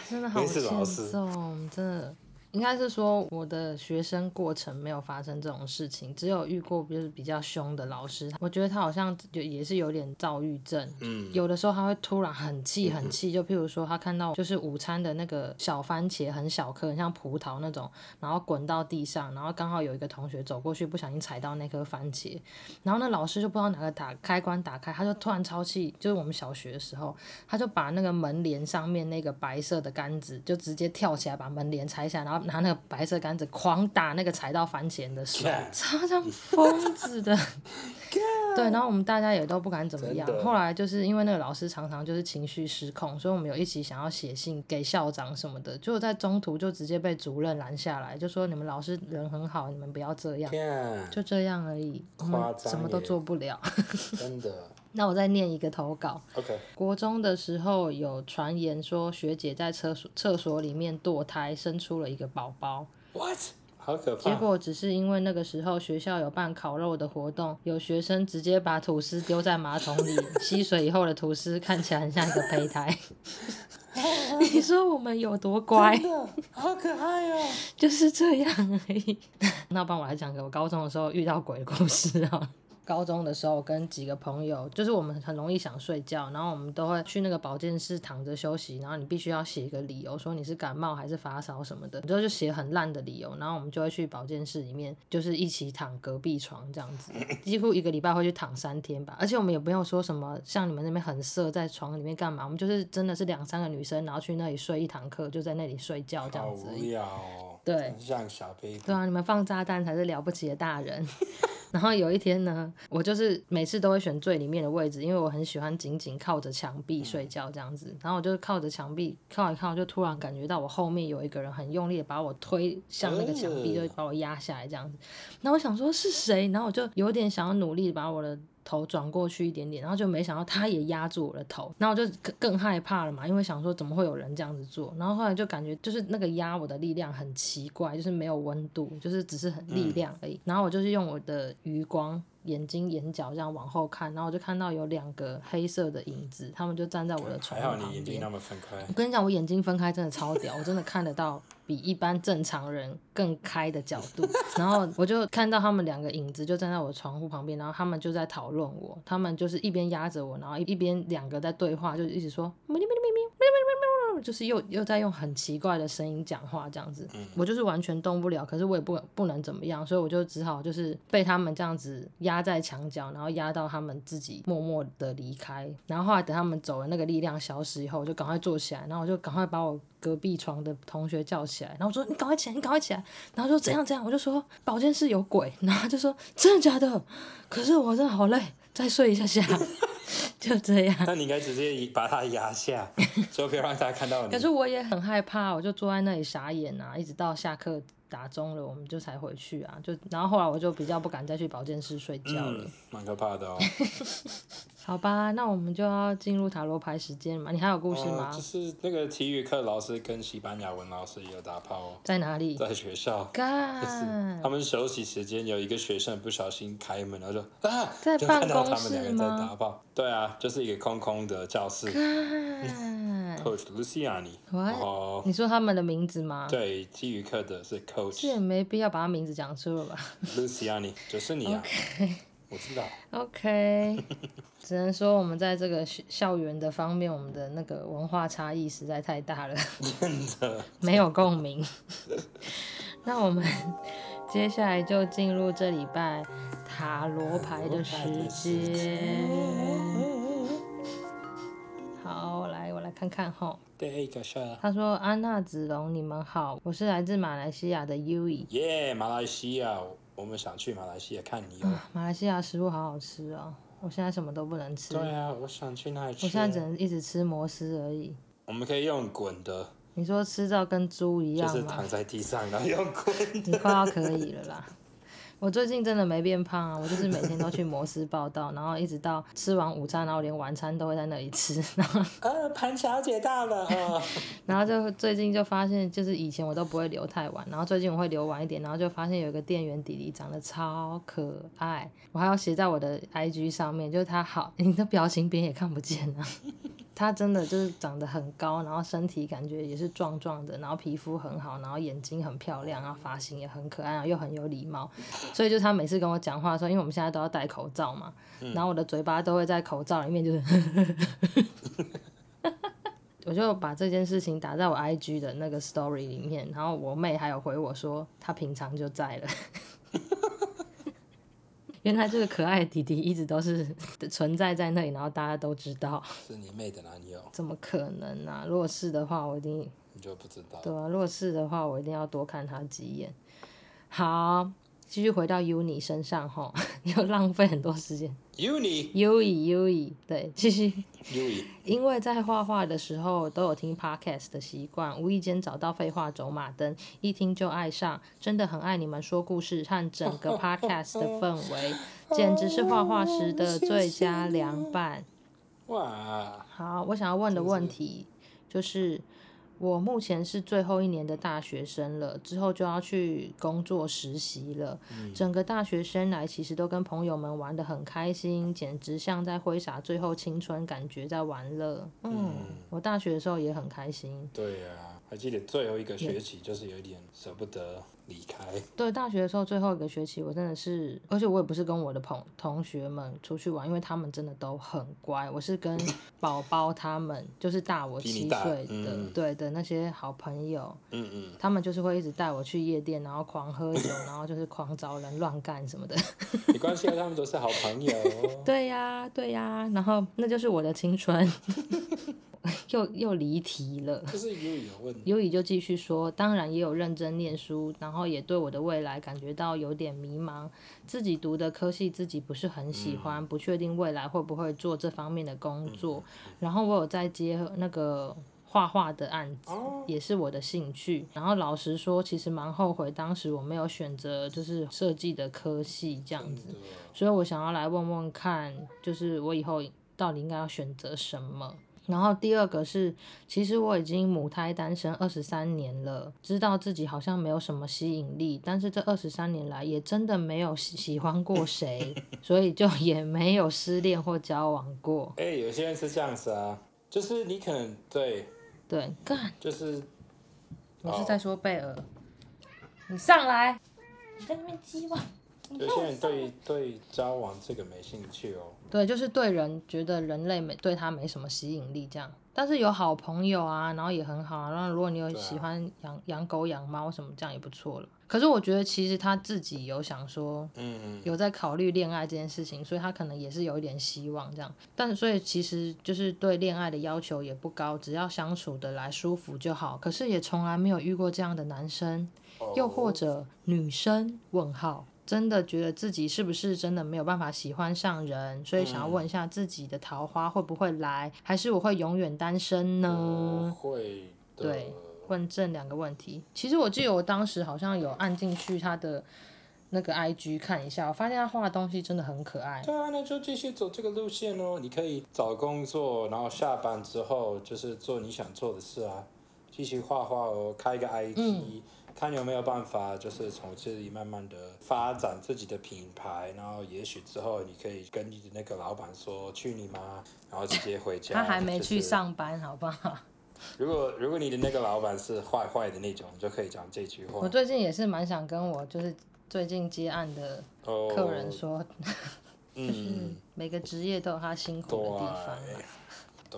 A: 真的、 [LAUGHS] 那個、的好老師。的。應該是說我的學生過程沒有發生這種事情，只有遇過就是比較凶的老師。我覺得他好像就也是有點躁鬱症。嗯。有的時候他會突然很氣很氣，就譬如說他看到就是午餐的那個小番茄很小顆，很像葡萄那種，然後滾到地上，然後剛好有一個同學走過去不小心踩到那顆番茄，然後那老師就不知道哪個打開關打開，他就突然超氣，就是我們小學的時候，他就把那個門簾上面那個白色的杆子就直接跳起來把門簾拆下來，然後。拿那個白色杆子狂打那個踩到番茄的樹，yeah. 超像瘋子的。 [LAUGHS] yeah. 對，然後我們大家也都不敢怎麼樣。後來就是因為那個老師常常就是情緒失控，所以我們有一起想要寫信給校長什麼的，結果在中途就直接被主任攔下來，就說你們老師人很好，你們不要這樣，yeah. 就這樣而已，我們什麼都做不了。 [LAUGHS]
B: 真的。
A: 那我再念一個投稿。OK。國中的時候有傳言說，學姐在廁所廁所裡面墮胎，生出了一個寶寶。What？好
B: 可怕。結果
A: 只是因為那個時候學校有辦烤肉的活動，有學生直接把吐司丟在馬桶裡， [LAUGHS] 吸水以後的吐司看起來很像一個胚胎。 [LAUGHS] oh, oh, oh, [LAUGHS] 你說我們有多乖？真的，好可愛哦， [LAUGHS] 就是這樣而已。 [LAUGHS] 那幫我來講個我高中的時候遇到鬼的故事啊、哦。高中的時候，跟幾個朋友，就是我們很容易想睡覺，然後我們都會去那個保健室躺着休息。然後你必須要寫一個理由，說你是感冒還是發燒什麼的，你知道就寫很爛的理由。然後我們就會去保健室裡面，就是一起躺隔壁床這樣子，幾乎一個禮拜會去躺三天吧。而且我們也沒有說什麼像你們那邊很色在床裡面幹嘛，我們就是真的是兩三個女生，然後去那裡睡一堂課，就在那裡睡覺這樣子而已
B: 對，讓小飛。
A: 對啊，你們放炸彈才是了不起的大人。 [LAUGHS] 然後有一天呢，我就是每次都會選最裡面的位置，因為我很喜歡緊緊靠着牆壁睡覺這樣子。然後我就靠着牆壁靠一靠，就突然感覺到我後面有一個人很用力的把我推向那個牆壁，就把我壓下來這樣子。那我想說是誰？然後我就有點想要努力把我的。頭轉過去一點點，然後就沒想到他也壓住我的頭，然後我就更害怕了嘛，因為想說怎麼會有人這樣子做。然後後來就感覺就是那個壓我的力量很奇怪，就是沒有溫度，就是只是很力量而已。嗯、然後我就是用我的餘光、眼睛、眼角這樣往後看，然後我就看到有兩個黑色的影子、嗯，他們就站在我的床旁邊。對，還好你眼睛那麼分開。我跟你講，我眼睛分開真的超屌， [LAUGHS] 我真的看得到。比一般正常人更開的角度，然後我就看到他們兩個影子就站在我床窗戶旁邊，然後他們就在討論我，他們就是一邊壓着我，然後一邊兩個在對話，就一直說咪咪咪咪咪咪咪咪。就是又又在用很奇怪的聲音講話這樣子，我就是完全動不了，可是我也不不能怎麼樣，所以我就只好就是被他們這樣子壓在牆角，然後壓到他們自己默默的離開。然後後來等他們走了，那個力量消失以後，我就趕快坐起來，然後我就趕快把我隔壁床的同學叫起來，然後我說你趕快起來，你趕快起來，然後就這樣這樣，我就說保健室有鬼，然後就說真的假的？可是我真的好累。再睡一下下， [LAUGHS] 就這
B: 樣。那你應該直接把它壓下， [LAUGHS] 就不要讓大家看到你。可是我
A: 也很害怕，我就坐在那裡傻眼啊，一直到下課打鐘了，我們就才回去啊。就然後後來我就比較不敢再去保健室睡覺了，嗯、
B: 蠻可怕的哦。 [LAUGHS]
A: 好吧，那我們就要進入塔羅牌時間嘛？你還有故事嗎？哦、就
B: 是那個體育課老師跟西班牙文老師也有打炮哦。在哪裡？在學校。就是、他們休息時間有一個學生不小心開門，然後就啊
A: 在辦公，就看到他們
B: 兩個在打炮。對啊，就是一個空空的教室。
A: 嗯、
B: Coach Luciani，哦，你
A: 說他們的名字嗎？對，
B: 體育課的是 Coach。這
A: 也沒必要把他名字講出來吧
B: ？Luciani，就是你啊？Okay. 我知
A: 道。OK。 [LAUGHS] 只能說我們在這個校園的方面，我們的那個文化差異實在太大了，真的，真的沒有共鳴。 [LAUGHS] 那我們接下來就進入這禮拜塔羅，塔羅牌的時間。好，我來我來看看哈。他說：“安娜子龍，你們好，我是來自馬來西亞的 Yui。”
B: 耶，馬來西亞，我們想去馬來西亞看你、嗯。
A: 馬來西亞食物好好吃哦。我現在什麼都不能吃。對啊，我
B: 想去那裡吃。我現在只能一
A: 直吃摩斯而已。
B: 我們可以用滾的。
A: 你說吃到跟豬一樣嗎？就是躺
B: 在地上，然後用滾
A: 滾的。 [LAUGHS] 你快要可以了啦。我最近真的沒變胖啊！我就是每天都去摩斯報到， [LAUGHS] 然後一直到吃完午餐，然後連晚餐都會在那裡吃。呃、 [LAUGHS] 哦，潘小姐到了。哦、 [LAUGHS] 然後就最近就發現，就是以前我都不會留太晚，然後最近我會留晚一點，然後就發現有一個店員弟弟長得超可愛，我還要寫在我的 IG 上面，就是他好。你的表情別人也看不見啊。 [LAUGHS] 他真的就是長得很高，然後身體感覺也是壯壯的，然後皮膚很好，然後眼睛很漂亮，然後髮型也很可愛，啊又很有禮貌。所以就他每次跟我講話的時候，因為我們現在都要戴口罩嘛，然後我的嘴巴都會在口罩裡面，就是、 [LAUGHS] 嗯， [LAUGHS] 我就把這件事情打在我 IG 的那個 story 裡面，然後我妹還有回我說，他平常就在了。原來這個可愛的弟弟一直都是存在在那裡，然後大家都知道是
B: 你妹的男友，
A: 怎麼可能呢？啊？如果是的話，我一定你
B: 就不知
A: 道對啊，如果是的話，我一定要多看他幾眼。好，繼續回到 Yui 身上哈，又浪費很多時間。Yui，Yui，Yui，對，其實，Yui，因為在畫畫的時候都有聽 Podcast 的習慣，無意間找到《廢話走馬燈》，一聽就愛上，真的很愛你們說故事和整個 Podcast 的氛圍，
B: [LAUGHS] 簡直是畫畫時的最佳
A: 良伴。
B: 哇，
A: 好，我想要問的問題就是。我目前是最後一年的大學生了，之後就要去工作實習了、嗯。整個大學生來其實都跟朋友們玩得很開心，簡直像在揮灑最後青春，感覺在玩樂、嗯。
B: 嗯，
A: 我大學的時候也很開心。
B: 對啊，還記得最後一個學期就是有一點捨不得。Yes. 離開
A: 對大學的時候最後一個學期，我真的是，而且我也不是跟我的朋同學們出去玩，因為他們真的都很乖。我是跟寶寶他們， [LAUGHS] 就是大我七歲的、嗯、對的那些好朋友，嗯嗯，他們就是會一直帶我去夜店，然後狂喝酒，然後就是狂找人亂幹什麼的。沒
B: [LAUGHS] 關係、啊，的他們都是好朋友。
A: [LAUGHS] 對呀、啊，對呀、啊，然後那就是我的青春。 [LAUGHS] [LAUGHS] 又又離題了。Yui 就繼續說：“當然也有認真念書，然後也對我的未來感覺到有點迷茫。自己讀的科系自己不是很喜歡，嗯、不確定未來會不會做這方面的工作。嗯、然後我有在接那個畫畫的案子、哦，也是我的興趣。然後老實說，其實蠻後悔當時我沒有選擇就是設計的科系這樣子。所以我想要來問問看，就是我以後到底應該要選擇什麼。”然後第二個是，其實我已經母胎單身二十三年了，知道自己好像沒有什麼吸引力，但是這二十三年來也真的沒有喜歡過誰， [LAUGHS] 所以就也沒有失戀或交往
B: 過。哎、欸，有些人是這樣子啊，就是你可能對
A: 對幹，
B: 就是、oh. 我是在
A: 說貝爾，你上來，你在那邊嘰歪？
B: 有些人對對交往這個沒興
A: 趣哦。對，就是對人覺得人類沒對他沒什麼吸引力這樣。但是有好朋友啊，然後也很好、啊。然後如果你有喜歡養、啊、養狗、養貓什麼，這樣也不錯了。可是我覺得其實他自己有想說，嗯，嗯，有在考慮戀愛這件事情，所以他可能也是有一點希望這樣。但所以其實就是對戀愛的要求也不高，只要相處的來舒服就好。可是也從來沒有遇過這樣的男生，哦、又或者女生？問號。真的覺得自己是不是真的沒有辦法喜歡上人，所以想要問一下自己的桃花會不會來，還是我會永遠單身呢？
B: 會。對，
A: 問這兩個問題。其實我記得我當時好像有按進去他的那個 IG 看一下，我發現他畫的東西真的很可愛。
B: 對啊，那就繼續走這個路線哦。你可以找工作，然後下班之後就是做你想做的事啊，繼續畫畫哦，開一個 IG。嗯。看有沒有辦法，就是從這裡慢慢的發展自己的品牌，然後也許之後你可以跟你的那個老闆說去你媽，然後直接回家。 [LAUGHS] 他還沒
A: 去上班，好不好？
B: 如果如果你的那個老闆是壞壞的那種，就可以講這句話。我最近
A: 也是蠻想跟我就是最近接案的客人說，Oh, [LAUGHS] 就是每個職業都有他辛苦的地方啊。Why?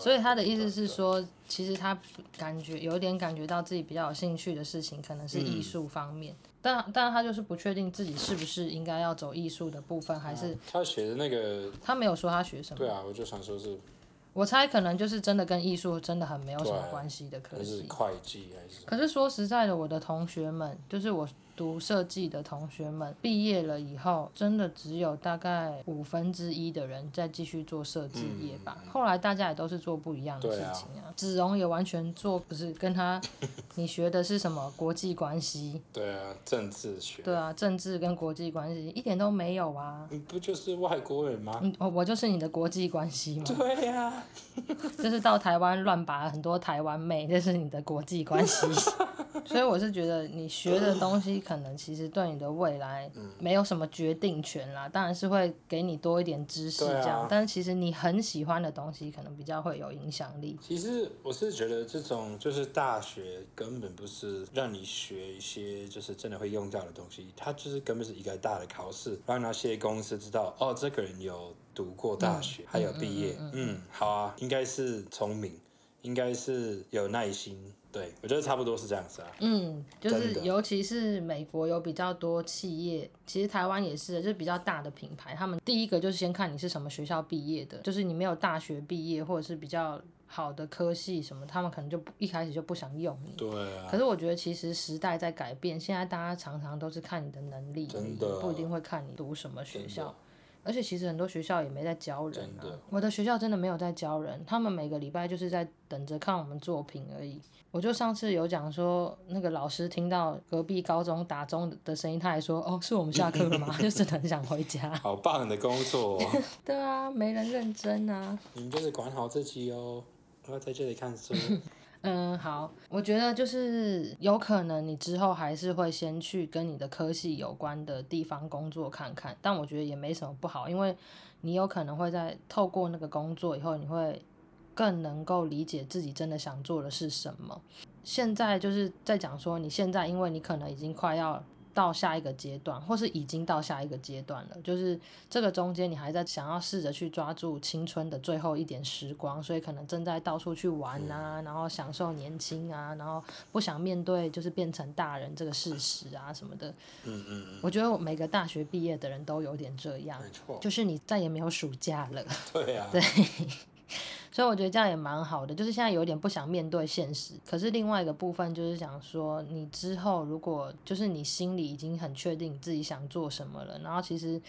A: 所以他的意思是說，其實他感覺有點感覺到自己比較有興趣的事情，可能是藝術方面，嗯、但但他就是不確定自己是不是應該要走藝術的部
B: 分，還是他寫的那個，他沒
A: 有說他學什麼。對啊，
B: 我就想說是，
A: 我猜可能就是真的跟藝術真的很沒有什麼關係
B: 的科技，啊，可是會計還是。
A: 可是說實在的，我的同學們，就是我。讀設計的同學們畢業了以後，真的只有大概五分之一的人在繼續做設計業吧、嗯。後來大家也都是做不一樣的事情啊。啊子龍也完全做不是跟他你學的是什麼 [LAUGHS] 國際關係？
B: 對啊，政治
A: 學。對啊，政治跟國際關係一點都沒有啊。你
B: 不就是外國人嗎？
A: 我我就是你的國際關係嗎？對
B: 呀、
A: 啊，這 [LAUGHS] 是到台灣亂把很多台灣妹，這、就是你的國際關係。 [LAUGHS] [LAUGHS] 所以我是覺得你學的東西。 [LAUGHS] 可能其實對你的未來沒有什麼決定權啦，嗯、當然是會給你多一點知識這樣、啊，但是其實你很喜歡的東西可能比較會有影響力。
B: 其實我是覺得這種就是大學根本不是讓你學一些就是真的會用到的東西，它就是根本是一個大的考試，讓那些公司知道哦，這個人有讀過大學、嗯、還有畢業嗯嗯嗯嗯，嗯，好啊，應該是聰明，應該是有耐心。對，我覺得差不多是這樣子啊。嗯，就是
A: 尤其是美國有比較多企業，其實台灣也是，就是比較大的品牌，他們第一個就是先看你是什麼學校畢業的，就是你沒有大學畢業或者是比較好的科系什麼，他們可能就一開始就不想用你。對啊。可是我覺得其實時代在改變，現在大家常常都是看你的能力，真的。不一定會看你讀什麼學校。而且其實很多學校也沒在教人、啊、真的。我的學校真的沒有在教人，他們每個禮拜就是在等着看我們作品而已。我就上次有講說，那個老師聽到隔壁高中打鐘的聲音，他還說：“哦，是我們下課了嗎？” [LAUGHS] 就真的很想
B: 回家。好棒的工作、哦。
A: [LAUGHS] 對啊，沒人認真啊。你
B: 們就是管好自己哦，不要在這裡看書。 [LAUGHS]
A: 嗯，好，我覺得就是有可能你之後還是會先去跟你的科系有關的地方工作看看，但我覺得也沒什麼不好，因為你有可能會在透過那個工作以後，你會更能夠理解自己真的想做的是什麼。現在就是在講說，你現在因為你可能已經快要。到下一個階段，或是已經到下一個階段了，就是這個中間你還在想要試着去抓住青春的最後一點時光，所以可能正在到處去玩啊，然後享受年輕啊，然後不想面對就是變成大人這個事實啊什麼的。嗯嗯嗯，我覺得我每個大學畢業的人都有點這樣，沒錯，就是你再也沒有暑假了。對呀，對。所以我覺得這樣也蠻好的，就是現在有點不想面對現實。可是另外一個部分就是想說，你之後如果就是你心裡已經很確定自己想做什麼了，然後其實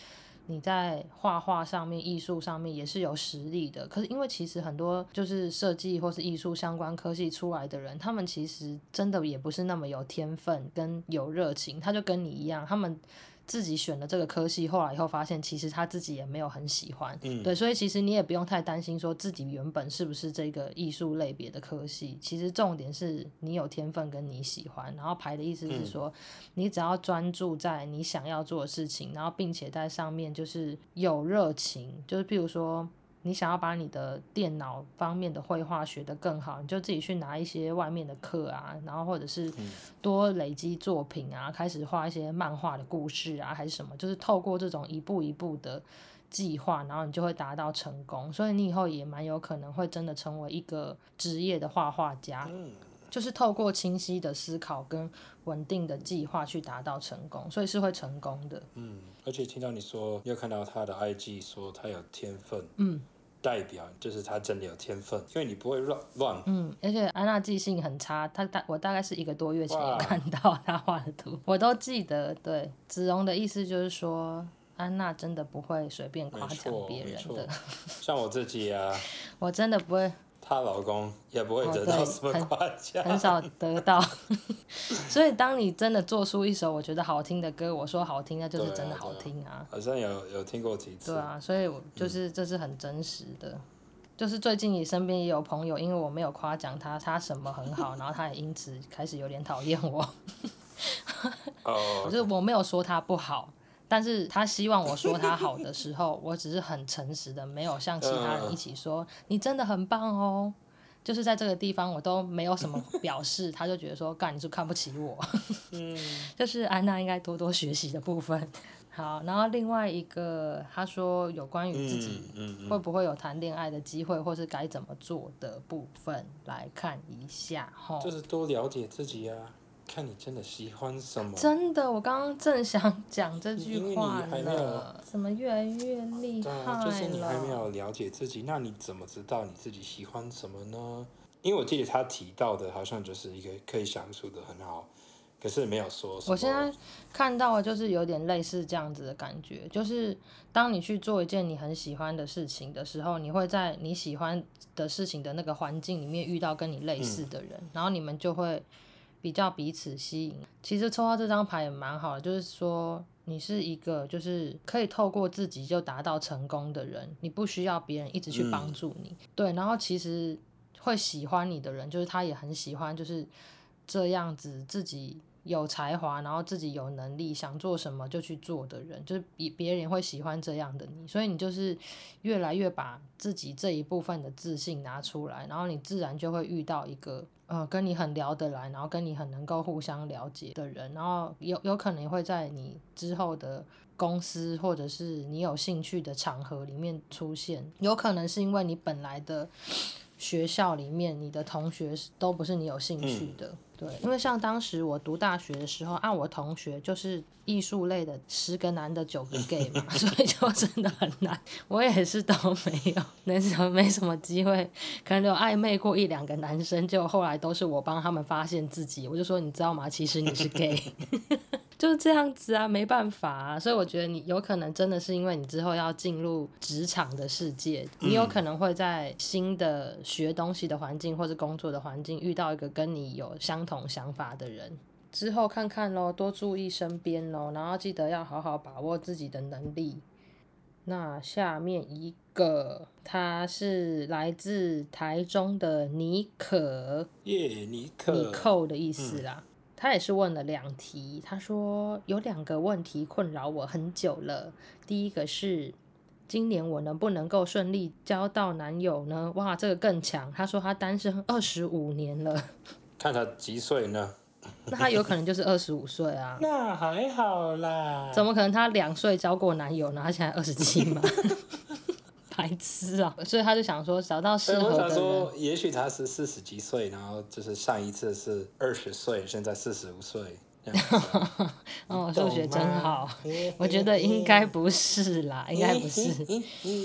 A: 你在畫畫上面、藝術上面也是有實力的。可是因為其實很多就是設計或是藝術相關科系出來的人，他們其實真的也不是那麼有天分跟有熱情，他就跟你一樣，他們。自己選了這個科系，後來以後發現，其實他自己也沒有很喜歡。嗯、對，所以其實你也不用太擔心，說自己原本是不是這個藝術類別的科系。其實重點是你有天分跟你喜歡。然後牌的意思是說，嗯、你只要專注在你想要做的事情，然後並且在上面就是有熱情，就是譬如說。你想要把你的電腦方面的繪畫學得更好，你就自己去拿一些外面的課啊，然後或者是多累積作品啊，開始畫一些漫畫的故事啊，還是什麼，就是透過這種一步一步的計劃，然後你就會達到成功。所以你以後也蠻有可能會真的成為一個職業的畫畫家，就是透過清晰的思考跟穩定的計劃去達到成功，所以是會成功的。
B: 嗯，而且聽到你說又看到他的 IG 說他有天分，嗯。代表就是他真的有天分，因為你不會亂亂。
A: 嗯，而且安娜記性很差，她大我大概是一個多月前有看到她畫的圖，我都記得。對，子龍的意思就是說，安娜真的不會隨便誇獎別人的。
B: 像我自己啊，
A: [LAUGHS] 我真的不會。
B: 她老公也不會得到什麼誇
A: 獎，oh，很少得到。 [LAUGHS] 所以，當你真的做出一首我覺得好聽的歌，我說好聽，那就是真的好聽啊。啊啊好
B: 像有有聽過幾次，對啊。
A: 所以，我就是這是很真實的。嗯、就是最近你身邊也有朋友，因為我沒有誇獎他，他什麼很好，然後他也因此開始有點討厭我。哦，就是我沒有說他不好。但是他希望我說他好的時候， [LAUGHS] 我只是很誠實的，沒有像其他人一起說、呃、你真的很棒哦。就是在這個地方，我都沒有什麼表示， [LAUGHS] 他就覺得說，幹，你是不是看不起我？ [LAUGHS] 就是安娜應該多多學習的部分。好，然後另外一個，他說有關於自己會不會有談戀愛的機會，或是該怎麼做的部分，來看一下。就是
B: 多了解自己啊。看你真的喜歡什麼？真
A: 的，我剛剛正想講這句話呢。還有怎麼越來越厲害了、嗯、就是你還沒有
B: 了解自己，那你怎麼知道你自己喜歡什麼呢？因為我記得他提到的，好像就是一個可以相處得很好，可是沒有說什麼。我現在
A: 看到就是有點類似這樣子的感覺，就是當你去做一件你很喜歡的事情的時候，你會在你喜歡的事情的那個環境裡面遇到跟你類似的人，嗯、然後你們就會。比較彼此吸引，其實抽到這張牌也蠻好的，就是說你是一個就是可以透過自己就達到成功的人，你不需要別人一直去幫助你。嗯，對。然後其實會喜歡你的人，就是他也很喜歡，就是這樣子自己有才華，然後自己有能力，想做什麼就去做的人，就是別別人會喜歡這樣的你，所以你就是越來越把自己這一部分的自信拿出來，然後你自然就會遇到一個。呃、嗯，跟你很聊得來，然後跟你很能夠互相了解的人，然後有有可能會在你之後的公司或者是你有興趣的場合裡面出現，有可能是因為你本來的。學校裡面，你的同學都不是你有興趣的、嗯，對，因為像當時我讀大學的時候，按、啊、我同學就是藝術類的，十個男的九個 gay 嘛， [LAUGHS] 所以就真的很難。我也是都沒有那時候沒什麼機會，可能有曖昧過一兩個男生，就後來都是我幫他們發現自己，我就說，你知道嗎？其實你是 gay。 [LAUGHS] 就是這樣子啊，沒辦法啊，所以我覺得你有可能真的是因為你之後要進入職場的世界、嗯，你有可能會在新的學東西的環境或是工作的環境遇到一個跟你有相同想法的人，之後看看嘍，多注意身邊嘍，然後記得要好好把握自己的能力。那下面一個，他是來自台中的尼可，
B: 耶，尼可，Nicole 的意思啦。
A: 嗯他也是問了兩題，他說有兩個問題困擾我很久了。第一個是今年我能不能夠順利交到男友呢？哇，這個更強。他說他單身二十五年了，
B: 看他幾歲呢？
A: 那他有可能就是二
B: 十五歲啊？那還好啦，
A: 怎麼可能他兩歲交過男友呢？他現在二十七嘛。 [LAUGHS] 白痴啊！所以他就想說找到適合的人，說，
B: 也許他是四十幾歲，然後就是上一次是二十歲，現在四十五歲。
A: 啊、 [LAUGHS] 哦，數學真好。我覺得應該不是啦，應該不是。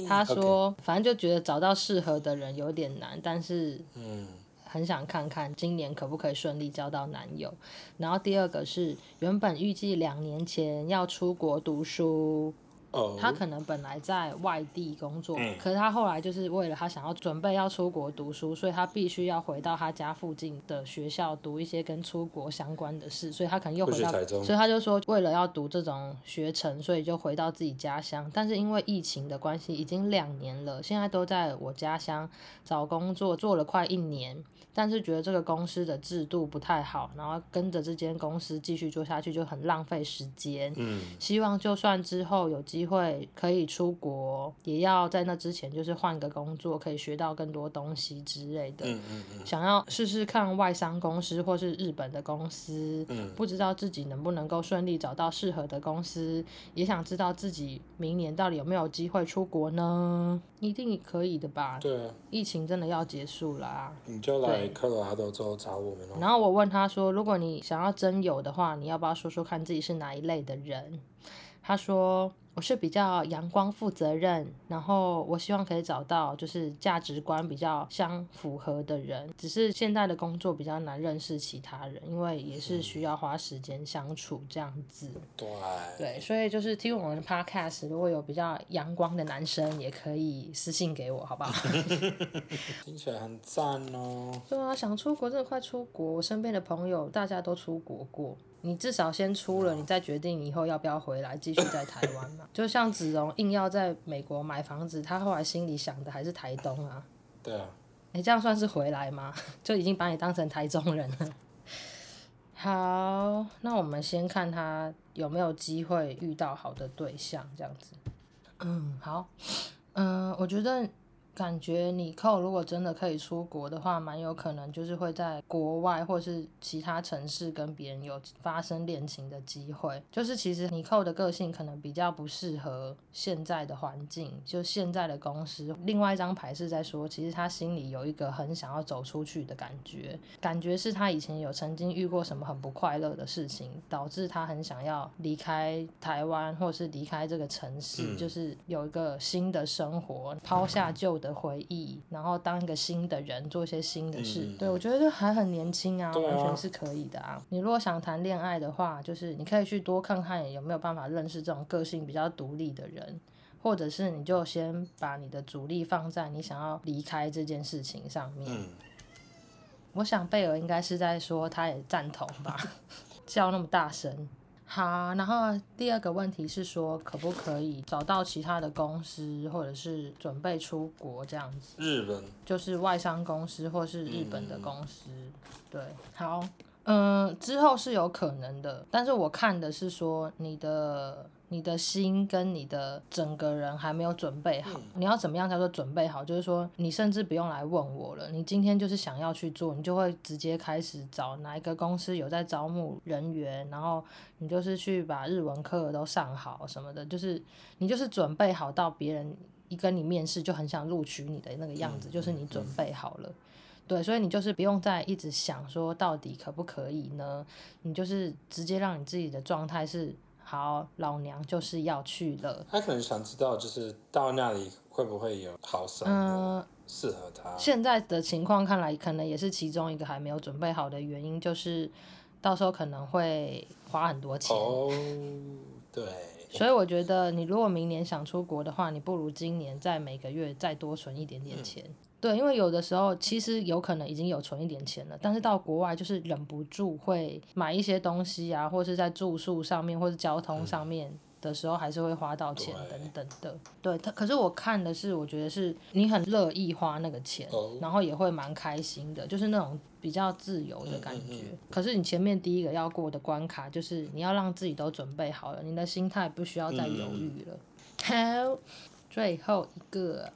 A: 他說，反正就覺得找到適合的人有點難，但是嗯，很想看看今年可不可以順利交到男友。然後第二個是原本預計兩年前要出國讀書。Oh, 他可能本來在外地工作，嗯，可是他後來就是為了他想要準備要出國讀書，所以他必須要回到他家附近的學校讀一些跟出國相關的事，所以他可能又回到，去，所以他就說為了要讀這種學程，所以就回到自己家鄉。但是因為疫情的關係，已經兩年了，現在都在我家鄉找工作，做了快一年，但是覺得這個公司的制度不太好，然後跟着這間公司繼續做下去就很浪費時間。嗯，希望就算之後有機會。機會可以出國，也要在那之前就是換個工作，可以學到更多東西之類的。嗯嗯嗯、想要試試看外商公司或是日本的公司，嗯、不知道自己能不能夠順利找到適合的公司，也想知道自己明年到底有沒有機會出國呢？一定可以的吧？對，疫情真的要結束啦。
B: 你就來科羅拉多州找我們、哦、
A: 然後我問他說，如果你想要真有的話，你要不要說說看自己是哪一類的人？他說。我是比較陽光、負責任，然後我希望可以找到就是價值觀比較相符合的人。只是現在的工作比較難認識其他人，因為也是需要花時間相處這樣子、嗯。
B: 對。
A: 對，所以就是聽我們的 podcast，如果有比較陽光的男生，也可以私信給我，好不
B: 好？ [LAUGHS] [MUSIC] 聽起來很讚哦。
A: 對啊，想出國真的快出國，我身邊的朋友大家都出國過。你至少先出了，你再決定以後要不要回來繼續在台灣嘛。 [LAUGHS] 就像子龍硬要在美國買房子，他後來心裡想的還是台東啊。
B: 對
A: 啊。你、欸、這樣算是回來嗎？就已經把你當成台中人了。好，那我們先看他有沒有機會遇到好的對象，這樣子。嗯，好。嗯、呃，我覺得。感覺尼可如果真的可以出國的話，蠻有可能就是會在國外或是其他城市跟別人有發生戀情的機會。就是其實尼可的個性可能比較不適合現在的環境，就現在的公司。另外一張牌是在說，其實他心裡有一個很想要走出去的感覺，感覺是他以前有曾經遇過什麼很不快樂的事情，導致他很想要離開台灣或是離開這個城市、嗯，就是有一個新的生活，拋下舊。的回憶，然後當一個新的人，做一些新的事。嗯、對，我覺得還很年輕啊，啊，完全是可以的啊。你如果想談戀愛的話，就是你可以去多看看有沒有辦法認識這種個性比較獨立的人，或者是你就先把你的主力放在你想要離開這件事情上面，嗯。我想貝爾應該是在說，他也贊同吧， [LAUGHS] [LAUGHS] 叫那麼大聲。好，然後第二個問題是說，可不可以找到其他的公司，或者是準備出國這樣子？
B: 日本
A: 就是外商公司，或是日本的公司。嗯，對，好，嗯，之後是有可能的，但是我看的是說你的。你的心跟你的整個人還沒有準備好，你要怎麼樣才說準備好？就是說，你甚至不用來問我了，你今天就是想要去做，你就會直接開始找哪一個公司有在招募人員，然後你就是去把日文課都上好什麼的，就是你就是準備好到別人一跟你面試就很想錄取你的那個樣子，就是你準備好了。對，所以你就是不用再一直想說到底可不可以呢？你就是直接讓你自己的狀態是。好，老娘就是要去了。他
B: 可能想知道，就是到那裡會不會有好生適合他，呃。現
A: 在的情況看來，可能也是其中一個還沒有準備好的原因，就是到時候可能會花很多
B: 錢。哦，oh，對。
A: [LAUGHS] 所以我覺得，你如果明年想出國的話，你不如今年再每個月再多存一點點錢。嗯對，因為有的時候其實有可能已經有存一點錢了，但是到國外就是忍不住會買一些東西啊，或是在住宿上面或是交通上面的時候還是會花到錢等等的。對，他可是我看的是，我覺得是你很樂意花那個錢，oh. 然後也會蠻開心的，就是那種比較自由的感覺。Oh. 可是你前面第一個要過的關卡就是你要讓自己都準備好了，你的心態不需要再猶豫了。好，oh.，最後一個。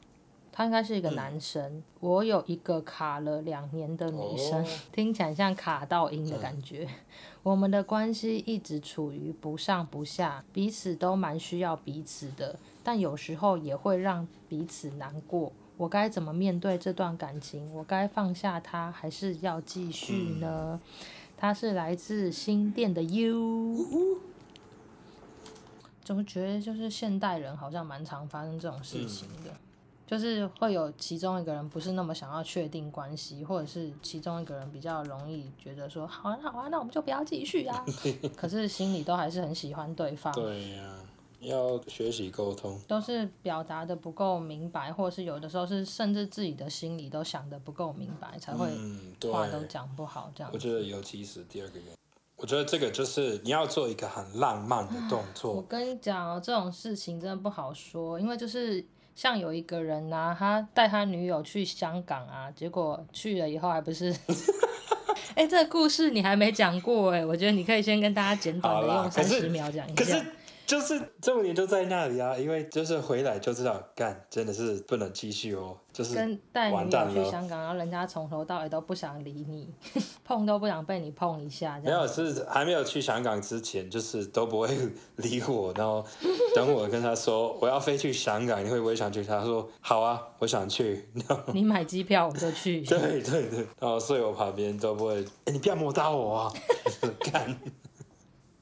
A: 他應該是一個男生、嗯，我有一個卡了兩年的女生，oh. 聽起來像卡到陰的感覺。嗯、我們的關係一直處於不上不下，彼此都蠻需要彼此的，但有時候也會讓彼此難過。我該怎麼面對這段感情？我該放下他，還是要繼續呢、嗯？他是來自新店的 U 總，嗯、覺得就是現代人好像蠻常發生這種事情的。嗯就是會有其中一個人不是那麼想要確定關係，或者是其中一個人比較容易覺得說，好啊好啊，那我們就不要繼續啊。 [LAUGHS] 可是心裡都還是很喜歡對方。對呀、啊，
B: 要學習溝通。
A: 都是表達得不夠明白，或者是有的時候是甚至自己的心裡都想得不夠明白，嗯、才會話都講不好對，這樣。我覺得
B: 尤其是第二個原因，我覺得這個就是你要做一個很浪漫的動作。啊、我
A: 跟你講、哦，這種事情真的不好說，因為就是。像有一個人吶、啊，他帶他女友去香港啊，結果去了以後還不是， [LAUGHS] 哎、 [LAUGHS] 欸，這個故事你還沒講過誒，我覺得你可以先跟大家
B: 簡短的用三十秒講一下。就是重點就在那裡啊，因為就是回來就知道，幹真的是不能繼續哦。就是完蛋了跟帶你去香
A: 港，然後人家從頭到尾都不想理你，呵呵碰都不想被你碰一下。沒有，
B: 是還沒有去香港之前，就是都不會理我。然後等我跟他說 [LAUGHS] 我要飛去香港，你會不會想去？他說好啊，我想去然後。
A: 你買機票我就去。 [LAUGHS] 對對
B: 對,對，然後所以我旁邊都不會，誒，你不要摸到我啊， [LAUGHS] 幹。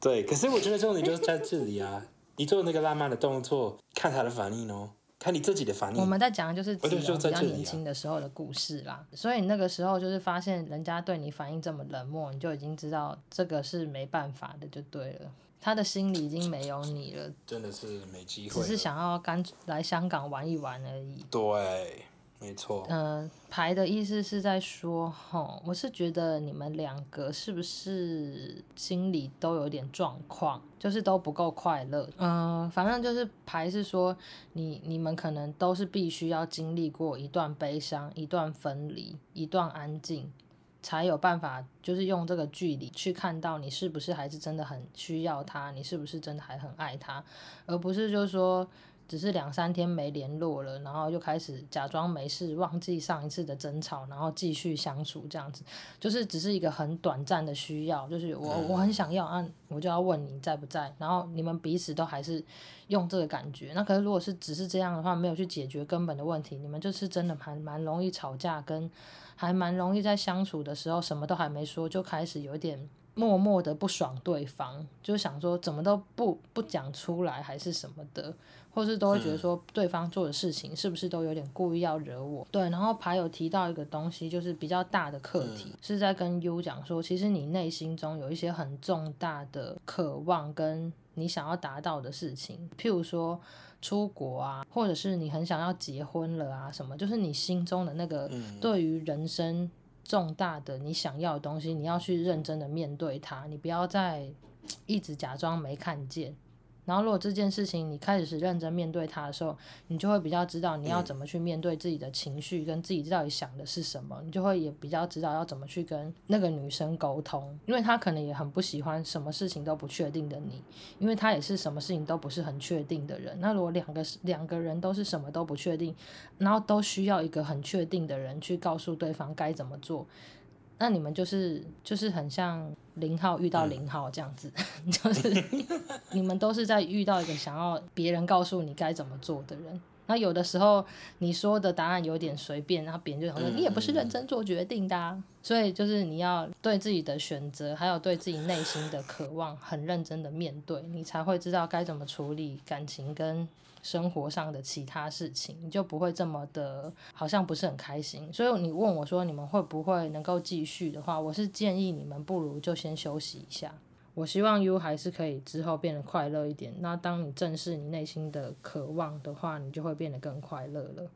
B: 對，可是我覺得重點就是在這裡啊！ [LAUGHS] 你做那個浪漫的動作，看他的反應哦，看你自己的反應。我們在
A: 講的就是比較年輕的時候的故事啦就就、啊，所以那個時候就是發現人家對你反應這麼冷漠，你就已經知道這個是沒辦法的，就對了。他的心裡已經沒有你了，
B: 真的是沒機會，只是想
A: 要剛來香港玩一玩而已。
B: 對。沒錯，
A: 嗯、呃，牌的意思是在說，吼，我是覺得你們兩個是不是心裡都有點狀況，就是都不夠快樂，嗯、呃，反正就是牌是說你你們可能都是必須要經歷過一段悲傷、一段分離、一段安靜，才有辦法，就是用這個距離去看到你是不是還是真的很需要他，你是不是真的還很愛他，而不是就是說。只是兩三天沒聯絡了，然後又開始假裝沒事，忘記上一次的爭吵，然後繼續相處這樣子，就是只是一個很短暫的需要，就是我我很想要啊，我就要問你在不在，然後你們彼此都還是用這個感覺。那可是如果是只是這樣的話，沒有去解決根本的問題，你們就是真的還蠻容易吵架，跟還蠻容易在相處的時候什麼都還沒說就開始有點。默默的不爽對方，就是想說怎麼都不不講出來，還是什麼的，或是都會覺得說對方做的事情是不是都有點故意要惹我？嗯、對，然後牌有提到一個東西，就是比較大的課題，嗯、是在跟 U 講說，其實你內心中有一些很重大的渴望，跟你想要達到的事情，譬如說出國啊，或者是你很想要結婚了啊，什麼，就是你心中的那個對於人生。嗯重大的你想要的東西，你要去認真的面對它，你不要再一直假裝沒看見。然後，如果這件事情你開始是認真面對它的時候，你就會比較知道你要怎麼去面對自己的情緒跟自己到底想的是什麼，嗯，你就會也比較知道要怎麼去跟那個女生溝通，因為她可能也很不喜歡什麼事情都不確定的你，因為她也是什麼事情都不是很確定的人。那如果兩個兩個人都是什麼都不確定，然後都需要一個很確定的人去告訴對方該怎麼做。那你們就是就是很像零號遇到零號這樣子，嗯、 [LAUGHS] 就是你們都是在遇到一個想要別人告訴你該怎麼做的人。那有的時候你說的答案有點隨便，然後別人就想說嗯嗯嗯，你也不是認真做決定的，啊。所以就是你要對自己的選擇，還有對自己內心的渴望，很認真的面對，你才會知道該怎麼處理感情跟。生活上的其他事情，你就不會這麼的，好像不是很開心。所以你問我說，你們會不會能夠繼續的話，我是建議你們不如就先休息一下。我希望 U 還是可以之後變得快樂一點。那當你正視你內心的渴望的話，你就會變得更快樂了。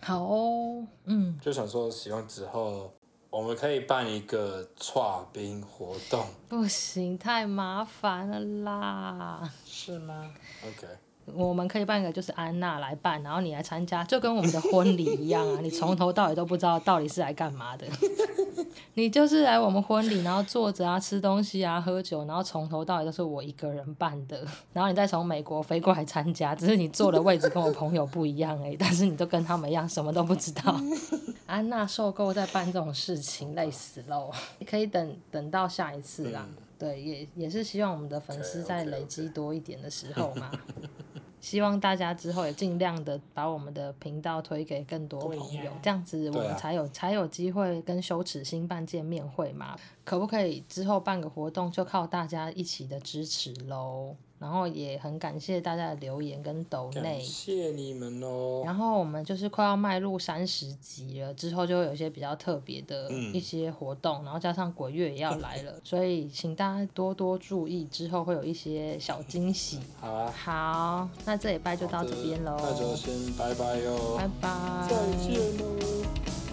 A: 好、
B: 哦，嗯，就想說，希望之後我們可以辦一個剉冰活動。
A: [LAUGHS] 不行，太麻煩了啦。是嗎？OK。我們可以辦一個，就是安娜來辦，然後你來參加，就跟我們的婚禮一樣啊！你從頭到尾都不知道到底是來幹嘛的，你就是來我們婚禮，然後坐着啊，吃東西啊，喝酒，然後從頭到尾都是我一個人辦的，然後你再從美國飛過來參加，只是你坐的位置跟我朋友不一樣而已，但是你都跟他們一樣，什麼都不知道。 [LAUGHS] 安娜受夠在辦這種事情，累死了！你 [LAUGHS] 可以等等到下一次啦，嗯、對，也也是希望我們的粉絲再累積多一點的時候嘛。Okay, okay, okay. [LAUGHS] 希望大家之後也儘量的把我們的頻道推給更多朋友，這樣子我們才有才有機會跟羞恥心辦見面會嘛？可不可以之後辦個活動，就靠大家一起的支持嘍？然後也很感謝大家的留言跟抖內，感
B: 謝你們哦。然
A: 後我們就是快要邁入三十集了，之後就會有一些比較特別的一些活動，嗯、然後加上鬼月也要來了， [LAUGHS] 所以請大家多多注意，之後會有一些小驚喜。 [LAUGHS] 好啊，好，那這禮拜就到這邊嘍，那就
B: 先拜拜喲，拜拜，再見嘍。